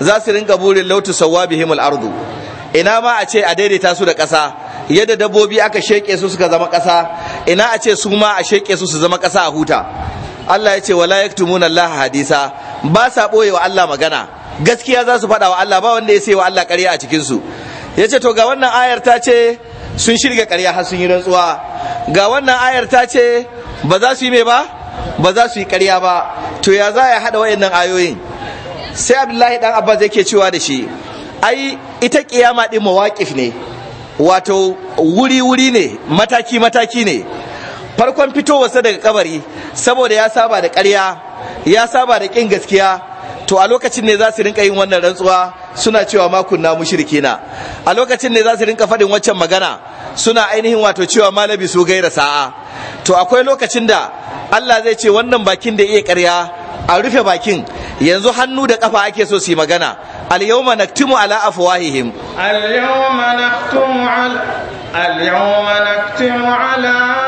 [SPEAKER 1] za su rinka burin lautu sawabihim al-ardu ina ma a ce a daidaita su da ƙasa yadda dabbobi aka sheke su suka zama ƙasa ina a ce su ma a sheke su su zama ƙasa a huta Allah ya ce wala yaktumuna Allah hadisa ba sa boye wa Allah magana gaskiya za su faɗa wa Allah ba wanda ya sai wa Allah ƙarya a cikin su ya ce to ga wannan ayar ta ce sun shirga karya har sun yi rantsuwa ga wannan ayar ta ce ba za su yi mai ba ba za su yi karya ba to ya za ya haɗa waɗannan ayoyin sai abdullahi dan abbas yake cewa da shi ai ita ƙiyama ɗin mawaƙif ne wato wuri-wuri ne mataki-mataki ne farkon fitowarsa daga kabari saboda ya saba da ƙarya ya saba da ƙin gaskiya to a lokacin ne za su rinka yin wannan rantsuwa suna cewa ma kunna mushrikina a lokacin ne za su rinka faɗin waccan magana suna ainihin wato cewa malabi su gaira sa'a to akwai lokacin da Allah zai ce wannan bakin da iya ƙarya a rufe bakin yanzu hannu da kafa ake so su yi magana al-yawma naktumu ala afwahihim
[SPEAKER 2] al-yawma naktumu ala al-yawma naktumu ala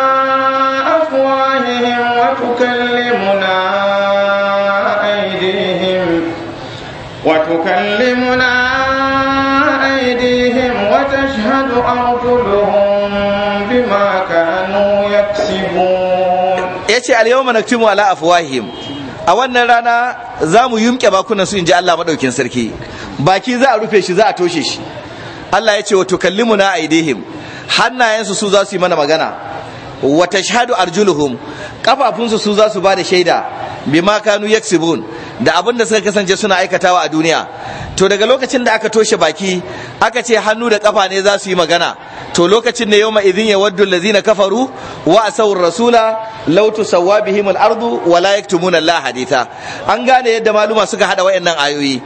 [SPEAKER 2] وتكلمنا
[SPEAKER 1] أيديهم وتشهد أرجلهم بما كانوا يكسبون يأتي اليوم نكتم على أفواههم a wannan rana za mu yumke bakunan su in ji Allah maɗaukin sarki baki za a rufe shi za a toshe shi Allah ya ce wato wa tukallimuna aidihim hannayensu su za su yi mana magana wa tashhadu arjuluhum kafafunsu su za su ba da shaida bima kanu yaksibun da abin da suka kasance suna aikatawa a duniya to daga lokacin da aka toshe baki aka ce hannu da kafa ne zasu yi magana to lokacin ne yawma idhin yawaddu allazina kafaru wa asawur rasula law tusawwa bihim al-ardu wa la yaktumuna allaha haditha an gane yadda maluma suka hada wayannan ayoyi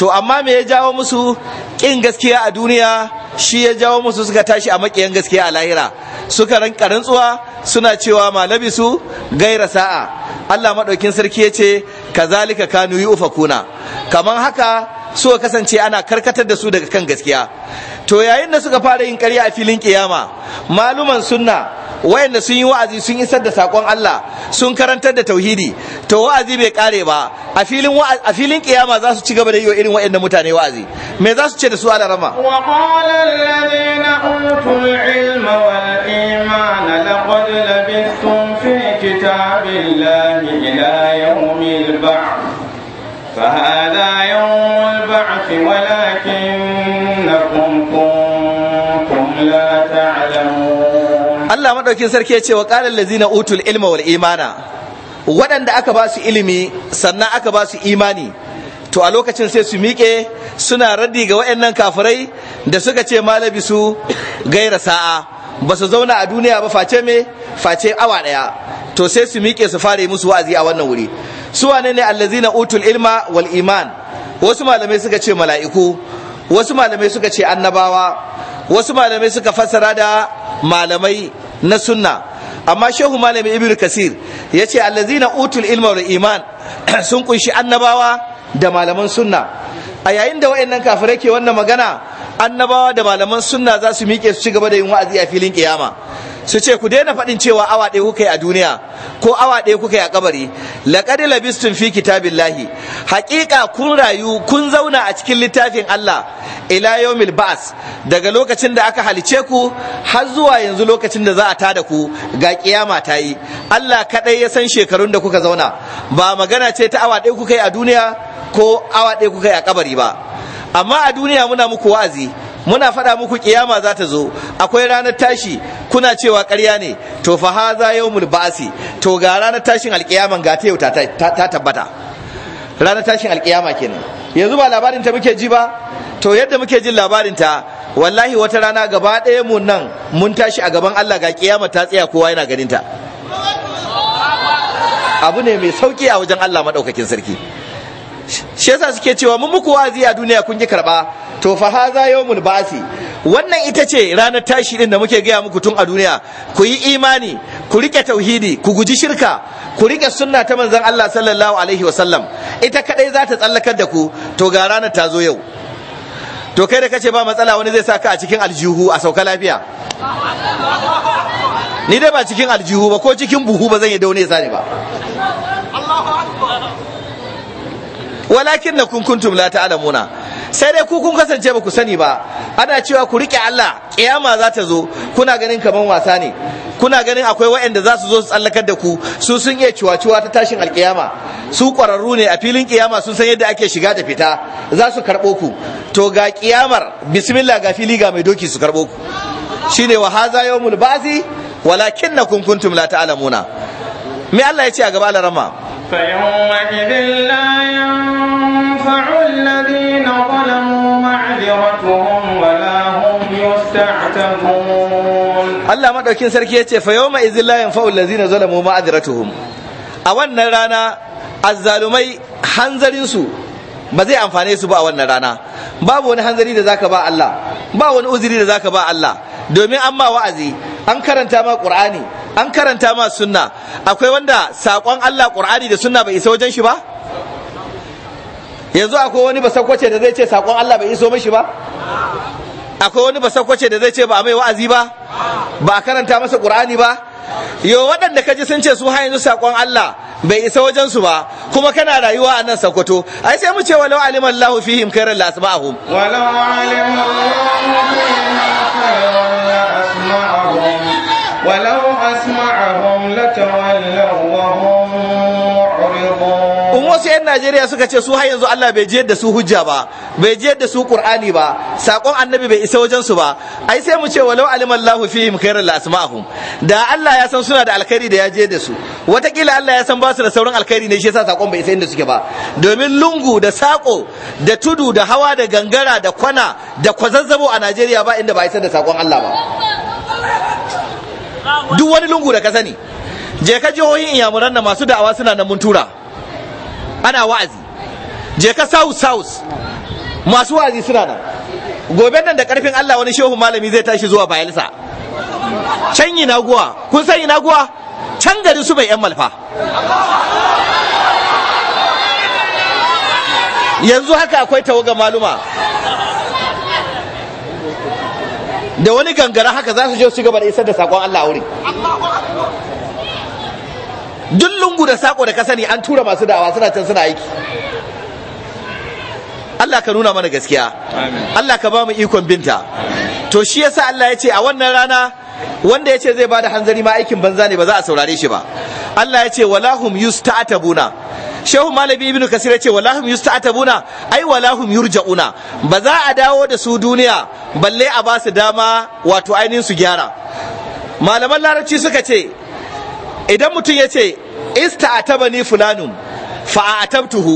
[SPEAKER 1] to amma me ya jawo musu ƙin gaskiya a duniya shi ya jawo musu suka tashi a makiyan gaskiya a lahira suka ranka rantsuwa suna cewa malabi su gaira sa'a Allah madaukin sarki ya yace kazalika kanu yufakuna Kamar haka suka kasance ana karkatar da su daga kan gaskiya to yayin da suka fara yin ƙarya a filin kiyama maluman sunna wayanda sun yi wa'azi sun isar da sakon Allah sun karantar da tauhidi to wa'azi bai kare ba a filin a filin kiyama za su ci gaba da yi wa irin wayanda mutane wa'azi me za su ce da su ala rama wa
[SPEAKER 2] qala alladhina utul ilma wal imana laqad labithtum fi kitabillahi ila yawmil ba'th hadha yawmul ba'th walakin
[SPEAKER 1] Allah madaukin sarki ya ce wa qala allazina utul ilma wal imana waɗanda aka ba su ilimi sannan aka ba su imani to a lokacin sai su miƙe suna raddi ga waɗannan kafirai da suka ce malabi su gaira sa'a ba su zauna a duniya ba face me face awa ɗaya to sai su miƙe su fara musu wa'azi a wannan wuri su wane ne allazina utul ilma wal iman wasu malamai suka ce mala'iku wasu malamai suka ce annabawa wasu malamai suka fassara da malamai na sunna amma shehu malami ibnu kasir ya ce allazina utul ilma wal iman *clears throat* sun kunshi annabawa da malaman sunna a yayin da wayannan kafirai ke wannan magana annabawa da malaman sunna za su miƙe su ci gaba da yin wa'azi a filin kiyama su ce ku daina faɗin cewa awa ɗaya kuka yi a duniya ko awa ɗaya kuka yi a kabari laqad labistun fi Lahi. haƙiƙa kun rayu kun zauna a cikin littafin Allah ila ba'as daga lokacin da aka halice ku har zuwa yanzu lokacin da za a tada ku ga kiyama ta yi Allah kaɗai ya san shekarun da kuka zauna ba magana ce ta awa ɗaya kuka yi a duniya ko awa ɗaya kuka yi a kabari ba amma a duniya muna muku wa'azi muna faɗa muku kiyama za ta zo akwai ranar tashi kuna cewa ƙarya ne to fa haza yawmul ba'si to ga ranar tashin alƙiyaman ga ta yau ta tabbata ranar tashin alkiyama kenan yanzu ba labarin ta muke ji ba to yadda muke jin labarin ta wallahi wata rana gaba ɗaya mu nan mun tashi a gaban Allah ga kiyama ta tsaya kowa yana ganin ta abu ne mai sauki a wajen Allah madaukakin sarki shi yasa suke cewa mun muku wazi a duniya kun ki karba to fa haza yawmul ba'si wannan ita ce ranar tashi din da muke gaya muku tun a duniya ku yi imani ku rike tauhidi ku guji shirka ku rike sunna ta manzon Allah sallallahu alaihi wasallam ita kadai za ta tsallakar da ku to ga ranar ta zo yau to kai da kace ba matsala wani zai saka a cikin aljihu a sauka lafiya ni dai ba cikin aljihu ba ko cikin buhu ba zan yi daune sani ba walakin na kun kuntum la ta'lamuna sai dai ku kun kasance ba ku sani ba ana cewa ku rike Allah kiyama za ta zo kuna ganin kaman wasa ne kuna ganin akwai waɗanda za su zo su tsallakar da ku su sun iya ciwa ciwa ta tashin alkiyama su ƙwararru ne a filin kiyama sun san yadda ake shiga da fita za su karɓo ku to ga kiyamar bismillah ga fili ga mai doki su karɓo ku shine wa haza yawmul ba'thi kun kuntum la ta'lamuna me Allah ya ce a gaba larama
[SPEAKER 2] fa yawma la الذين ظلموا معذرتهم ولا هم يستعتبون
[SPEAKER 1] الله مدوكين سركي يتي fa yawma idhil la yanfa'u allazina zalamu ma'adratuhum a wannan rana azzalumai hanzarin ba zai amfane su ba a wannan rana babu wani hanzari da zaka ba Allah ba wani uzuri da zaka ba Allah domin an ma wa'azi an karanta ma Qur'ani an karanta ma sunna akwai wanda sakon Allah Qur'ani da sunna bai isa wajen shi ba yanzu akwai wani basakwace da zai ce sakon Allah bai iso mashi ba akwai wani basakwace da zai ce ba a mai wa'azi ba ba a karanta masa qur'ani ba yo waɗanda kaji sun ce su har yanzu sakon Allah bai isa wajen su ba kuma kana rayuwa a nan Sokoto ai sai mu ce walau alima Allahu fihim khairan la asma'ahum walau
[SPEAKER 2] alima Allahu fihim walau
[SPEAKER 1] wasu 'yan najeriya suka ce su har yanzu allah bai jiyar da su hujja ba bai jiyar da su qur'ani ba sakon annabi bai isa wajen su ba ai sai mu ce walau alimallahu mu khairan la asma'ahum da allah ya san suna da alkhairi da ya jiyar da su watakila allah ya san ba su da sauran alkhairi ne shi yasa sakon bai isa inda suke ba domin lungu da saƙo, da tudu da hawa da gangara da kwana da kwazazzabo a najeriya ba inda ba isa da sakon allah ba duk wani lungu da ka sani je ka jihohin inyamuran na masu da'awa suna nan mun tura ana wa'azi je ka south south masu wa'azi suna nan gobe nan da karfin Allah wani shehu malami zai tashi zuwa bayelsa can yi naguwa kun san yi naguwa can gari su bai yan malfa yanzu haka akwai tawaga maluma da wani gangara haka za su je su gaba da isar da sakon Allah a wurin duk lungu da sako da ka sani an tura masu dawa suna can suna aiki Allah ka nuna mana gaskiya Allah ka ba mu ikon binta to shi yasa Allah ya ce a wannan rana wanda ya ce zai bada hanzari ma aikin banza ne ba za a saurare shi ba Allah ya ce walahum yusta'tabuna shehu malami Ibn kasir ya ce walahum yusta'tabuna ai walahum yurja'una ba za a dawo da su duniya balle a ba su dama wato ainihin su gyara malaman larabci suka ce idan mutum ya ce ista a taba ni fulanun fa'atabtuhu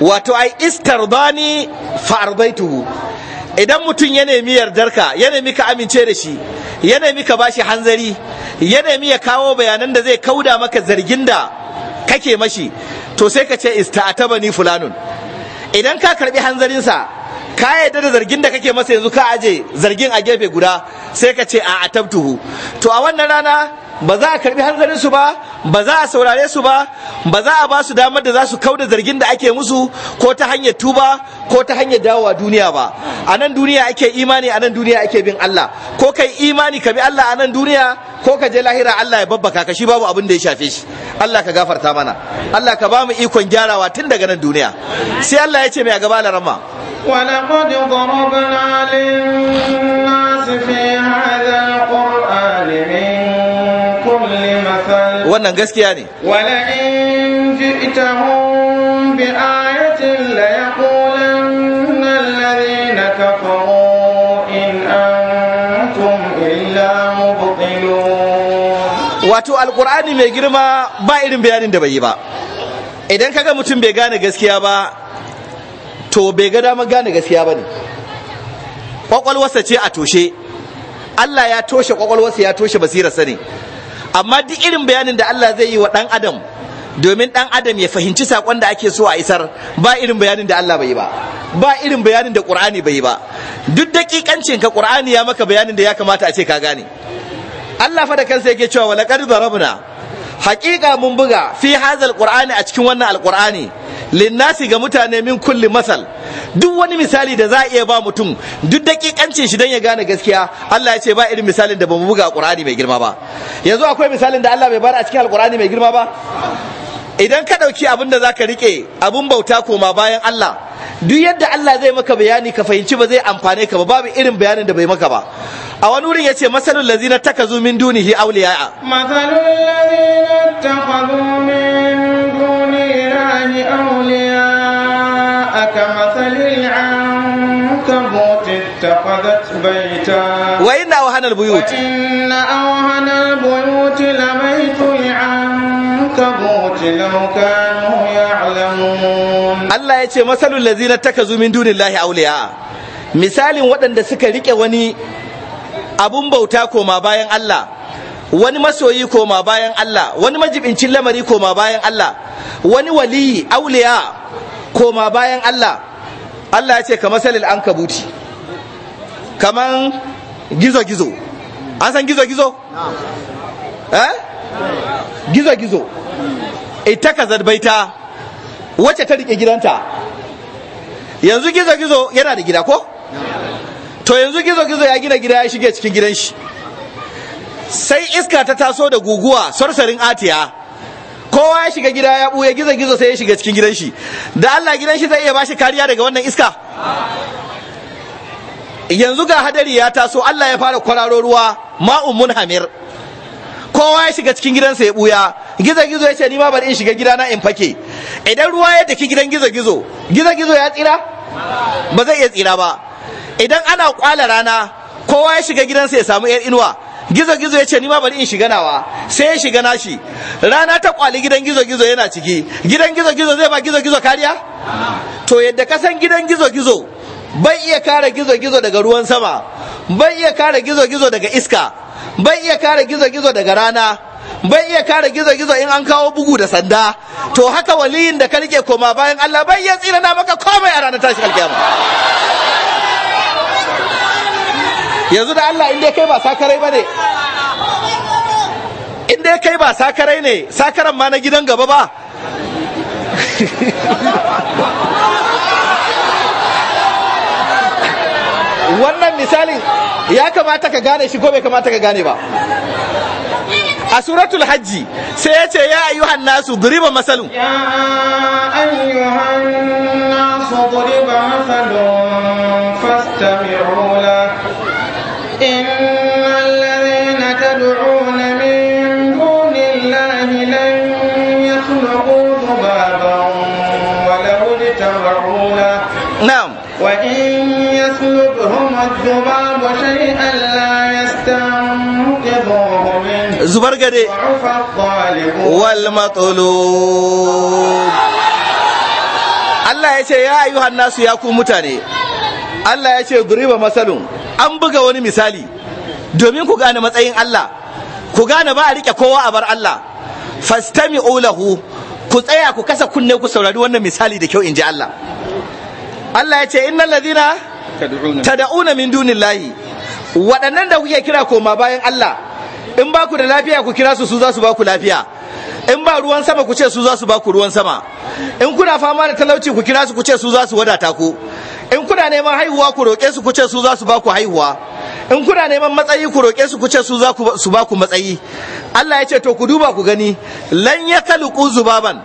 [SPEAKER 1] wato ai istar bai tuhu. idan mutum ya nemi yardarka ya nemi ka amince da shi ya nemi ka bashi hanzari ya nemi ya kawo bayanan da zai kauda maka zargin da kake mashi to sai ka ce ista a taba ni fulanun idan ka karbi hanzarinsa ka yadda da zargin da kake masa yanzu ka aje zargin a gefe guda sai ka ce a atabtuhu to a wannan rana ba za a karbi hankalin su ba ba za a saurare su ba ba za a ba su damar da za su kauda zargin da ake musu ko ta hanyar tuba ko ta hanyar dawowa duniya ba a nan duniya ake imani a nan duniya ake bin Allah ko kai imani ka bi Allah a nan duniya ko ka je lahira Allah ya babbaka ka shi babu abin da ya shafe shi Allah ka gafarta mana Allah ka ba mu ikon gyarawa tun daga nan duniya sai Allah ya ce mai a gaba larama
[SPEAKER 2] ولقد ضربنا للناس في هذا القرآن من كل مثل wannan gaskiya ne ولئن جئتهم بآية ليقولن
[SPEAKER 1] wato alkur'ani mai girma ba irin bayanin da bai yi ba idan kaga mutum bai gane gaskiya ba to bai ga damar gane gaskiya ba ne kwakwalwarsa ce a toshe Allah ya toshe kwakwalwarsa ya toshe basirar ne amma duk irin bayanin da Allah zai yi wa dan adam domin dan adam ya fahimci saƙon da ake so a isar ba irin bayanin da Allah bai ba ba irin bayanin da ƙur'ani bai ba duk daƙiƙancin ka ƙur'ani ya maka bayanin da ya kamata a ce ka gane Allah fa da kansa yake cewa wala qad darabna haqiqa mun buga fi hazal qur'ani a cikin wannan alqur'ani linnasi ga mutane min kulli masal duk wani misali da za a iya ba mutum duk dakikancin shi dan ya gane gaskiya Allah ya ce ba irin misalin da bamu buga a qur'ani mai girma ba yanzu akwai misalin da Allah bai bar a cikin alqur'ani mai girma ba idan ka ɗauki abin da za ka riƙe abin bauta koma bayan Allah duk yadda Allah zai maka bayani ka fahimci ba zai amfane ka ba babu irin bayanin da bai maka ba a wani wurin yace masalul ladzina takazu min dunihi masalul
[SPEAKER 2] ladzina takazu min dunihi awliya'a kamasalil عنكبوت اتخذت بيتا وإن أوهن البيوت وإن
[SPEAKER 1] an. Allah ya ce يعلمون الله taka zumin dunin lahi auliya misalin waɗanda suka riƙe wani abun bauta koma bayan Allah wani masoyi koma bayan Allah wani majibincin lamari koma bayan Allah wani waliyi auliya koma bayan Allah Allah ya ce ka masalil an kabuti kaman gizo-gizo an san gizo-gizo? eh? gizo gizo ita ka zarbaita wacce ta rike gidanta yanzu gizo gizo yana da gida ko to yanzu gizo gizo ya gina gida ya shige cikin gidan shi sai iska ta taso da guguwa sarsarin atiya kowa ya shiga gida ya buya gizo gizo sai ya shiga cikin gidan shi da Allah gidan shi zai iya bashi kariya daga wannan iska yanzu ga hadari ya taso Allah ya fara kwararo ruwa ma'un munhamir kowa ya shiga cikin gidansa ya buya gizo gizo ya ce ni ma bari in shiga gidana in fake idan ruwa ya daki gidan gizo gizo gizo gizo ya tsira ba zai iya tsira ba idan ana kwala rana kowa ya shiga gidansa ya samu yar inuwa gizo gizo ya ce ni ma bari in shiga nawa sai ya shiga nashi rana ta kwali gidan gizo gizo yana ciki gidan gizo gizo zai ba gizo gizo kariya to yadda ka san gidan gizo gizo bai iya kare gizo gizo daga ruwan sama bai iya kare gizo gizo daga iska bai iya kare gizo-gizo daga rana bai iya kare gizo-gizo in an kawo bugu da sanda to haka waliyin da ka rike koma bayan Allah bai iya tsira na maka komai a ranar tashi alkiyama yanzu da Allah inda kai ba sakarai ba ne inda kai ba sakarai ne sakaran ma na gidan gaba ba *laughs* wannan misalin ya kamata ka gane shi ko bai kamata ka gane ba a suratul hajji sai ya ce ya ayyuhan nasu duriba masalu.
[SPEAKER 2] na'am wa in
[SPEAKER 1] zubar gade شيئا Allah ya ce ya ayyuhan nasu ya ku mutane Allah ya ce duriba masalun an buga wani misali domin ku gane matsayin Allah ku gane ba a rike kowa a bar Allah fastami olahu ku tsaya ku kasa kunne ku saurari wannan misali da kyau in ji Allah Allah ya ce innal ladina tad'una min dunillahi waɗannan da kuke kira koma bayan Allah in ba ku da lafiya ku kira su su za su ba ku lafiya in ba ruwan sama ku ce su za su ba ku ruwan sama in kuna fama da talauci ku kira su ku ce su za su wadata ku in kuna neman haihuwa ku roƙe su ku ce su za su ba ku haihuwa in kuna neman matsayi ku roƙe su ku ce su za su ba ku matsayi Allah ya ce to ku duba ku gani lan yakalu zubaban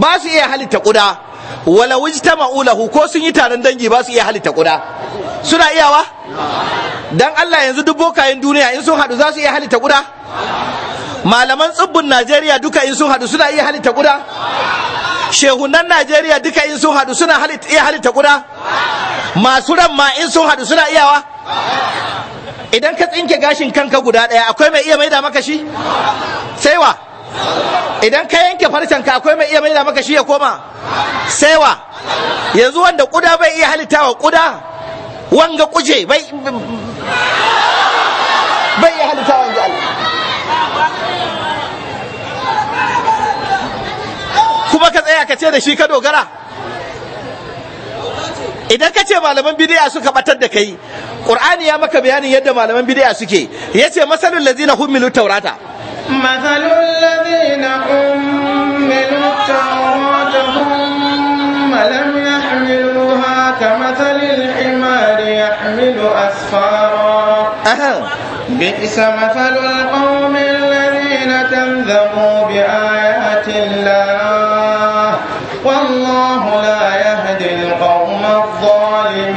[SPEAKER 1] ba su iya halitta kuda wala wujtama'u ma'ulahu, ko sun yi taron dangi ba su iya halitta kuda suna iyawa dan Allah yanzu duk bokayen duniya in sun hadu za su iya halitta kuda malaman tsibbin Najeriya duka in sun hadu suna iya halitta kuda shehunan Najeriya duka in sun hadu suna iya halitta kuda masu ran ma in sun hadu suna iyawa idan ka tsinke gashin kanka guda daya akwai mai iya maida maka shi sai wa idan ka yanke farcen ka akwai mai iya maida maka shi ya koma saiwa yanzu wanda kuda bai iya halittawa kuda wanga kuje bai bai iya halittawa wanga kuma ka tsaya ka ce da shi ka dogara idan ka ce malaman bidiya suka batar da kai qur'ani ya maka bayanin yadda malaman bidiya suke Ya ce masalul ladzina humilu taurata مثل
[SPEAKER 2] الذين حملوا التوراة ثم لم يحملوها كمثل الحمار يحمل أسفارا بئس مثل القوم الذين كذبوا بآيات الله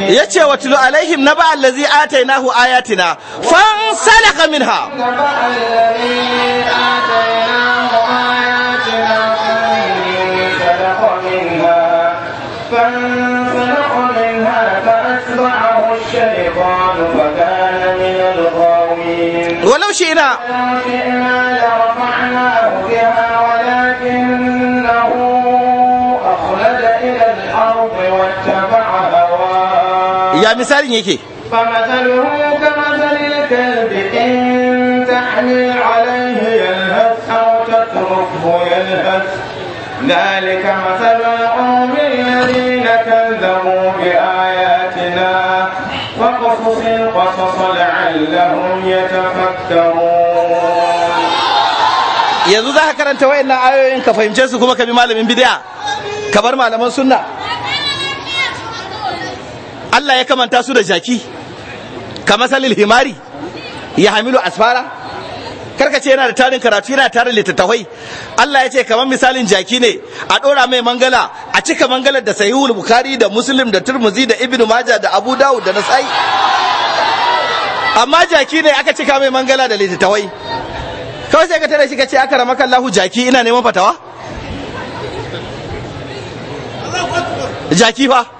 [SPEAKER 2] yace watlu alaihim naba allazi
[SPEAKER 1] atainahu ayatina fansalakha minha
[SPEAKER 2] فانسلخ منها فأتبعه الشيطان فكان من الغاوين ولو شئنا
[SPEAKER 1] ya misalin yake فمثله yanzu za ka karanta wayannan ayoyin ka fahimce su kuma ka bi malamin bid'a ka bar malaman sunna Allah ya kamanta su da jaki ka masalil himari ya hamilu asfara karka ce yana da tarin karatu yana tarin littattafai Allah ya ce kamar misalin jaki ne a ɗora mai mangala a cika mangalar da sahihul bukhari da muslim da turmuzi da ibnu maja da abu dawud da nasai amma jaki ne aka cika mai mangala da littattafai kawai sai ka tare shi ka ce aka ramaka Allahu jaki ina neman fatawa jaki fa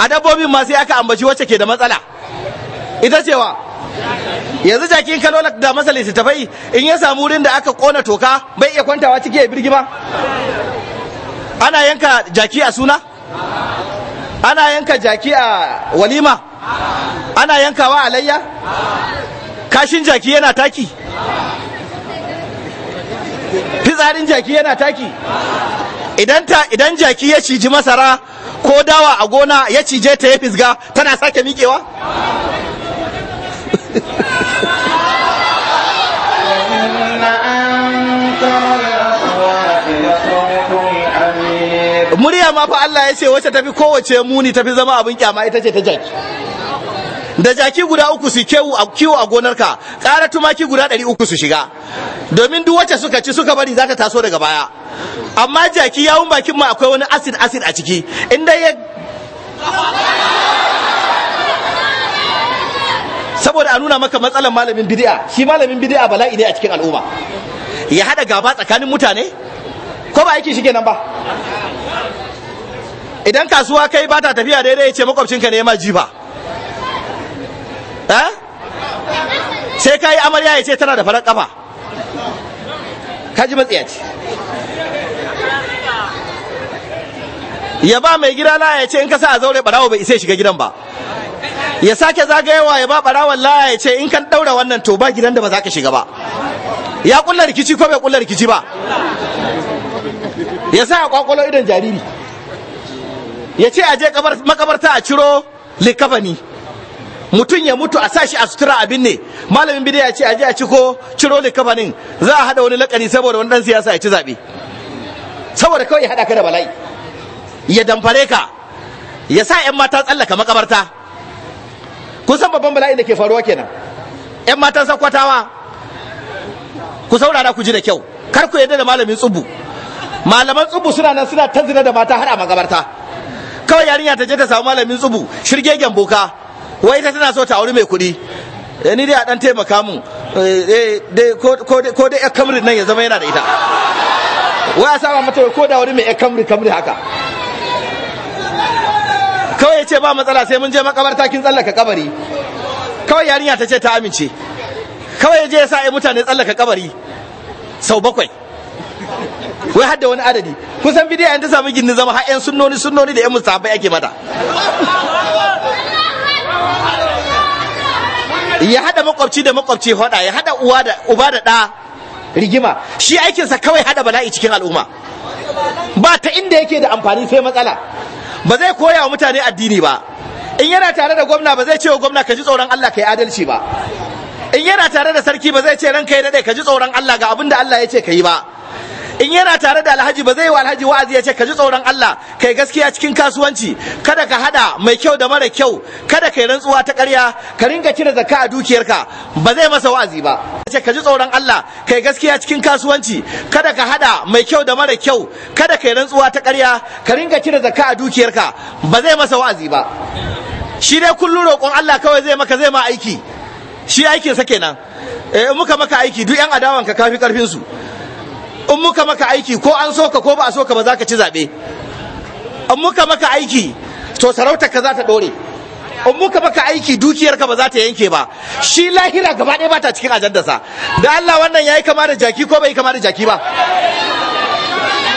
[SPEAKER 1] a dabbobin ma sai aka ambaci wacce ke da matsala ita cewa yanzu jakin kano da masa littattafai in ya samu wurin da aka kona toka bai iya kwantawa ciki ya birgima ana yanka jaki a suna ana yanka jaki a walima ana yankawa alayya kashin jaki yana taki fitsarin jaki yana taki idan jaki ya ciji masara ko dawa a gona ya cije ta ya fisga tana sake miƙewa murya ma fa Allah ya ce wacce tafi kowace muni tafi zama abin kyama ita ce ta jaki da jaki guda uku su kiwo a gonarka ƙara tumaki guda ɗari uku su shiga domin duk wacce suka ci suka bari za ta taso daga baya amma jaki yawun bakin ma akwai wani acid acid a ciki inda ya saboda a nuna maka matsalar malamin bid'a shi malamin bid'a bala'i ne a cikin al'umma ya hada gaba tsakanin mutane ko ba aiki shige nan ba idan kasuwa kai ba ta tafiya daidai ya ce makwabcinka ne ya ma jifa. sai ka yi amarya ya ce tana da farar kafa ka ji matsiya ce ya ba mai gida laya ya ce in ka sa a zaure barawo bai isa shiga gidan ba ya sake zagayewa ya ba barawon laya ya ce in kan daura wannan to ba gidan da ba za ka shiga ba ya kulla rikici ko bai kulla rikici ba ya sa a kwakwalo idan jariri ya ce a je makabarta a ciro likafani mutum ya mutu a sa shi a sutura abin ne malamin ya ce a je a ciko ciro likafanin za a hada wani lakani saboda wani dan siyasa ya ci zabe saboda kawai ya hada ka da bala'i ya damfare ka ya sa yan mata tsallaka makabarta kun san babban bala'in da ke faruwa kenan yan matan sakwatawa ku saurara ku ji da kyau kar ku yadda da malamin tsubu malaman tsubu suna nan suna tanzina da mata har a makabarta kawai yarinya ta je ta samu malamin tsubu shirgegen boka wai ita tana so ta auri mai kuɗi eh, ni dai a dan taimaka mun eh, eh, ko dai yan kamri nan ya zama yana da ita wai a sama mata ko da wani mai yan kamri kamri haka kawai ya ce ba matsala sai mun je makabarta kin tsallaka kabari kawai yarinya ta ce ta amince kawai ya je ya sa ai mutane tsallaka kabari sau bakwai wai hadda wani adadi kusan bidiyar ta samu gini zama har yan sunnoni sunnoni da yan musahabai ake mata ya hada makwabci da makwabci hoda ya hada uwa da uba da da rigima shi aikinsa kawai hada bala'i cikin al'umma ba ta inda yake da amfani sai matsala ba zai koya wa mutane addini ba in yana tare da gwamna ba zai ce wa gwamna ka ji tsoron Allah ka yi adalci ba in yana tare da sarki ba zai ce ranka ya dade ka ji tsoron Allah ga abin da Allah ya ce ka yi ba in yana tare da alhaji ba zai yi wa alhaji wa'azi ya ce ka ji tsoron Allah kai gaskiya cikin kasuwanci kada ka hada mai kyau da mara kyau kada kai rantsuwa ta ƙarya ka ringa cire zakka a dukiyarka ba zai masa wa'azi ba ya ce ka ji tsoron Allah kai gaskiya cikin kasuwanci kada ka hada mai kyau da mara kyau kada kai rantsuwa ta ƙarya ka ringa cire zakka a dukiyarka ba zai masa wa'azi ba shi dai kullum roƙon Allah kawai zai maka zai ma aiki shi aikinsa kenan eh, in muka maka aiki duk yan adawanka kafi karfin su in muka maka aiki ko an so ka ko ba a so ka ba za ka ci zaɓe in muka maka aiki to sarautar ka za ta ɗore in muka maka aiki dukiyar ka ba za ta yanke ba shi lahira gaba ɗaya ba ta cikin ajandarsa da Allah wannan yayi kama da jaki ko bai kama da jaki
[SPEAKER 3] ba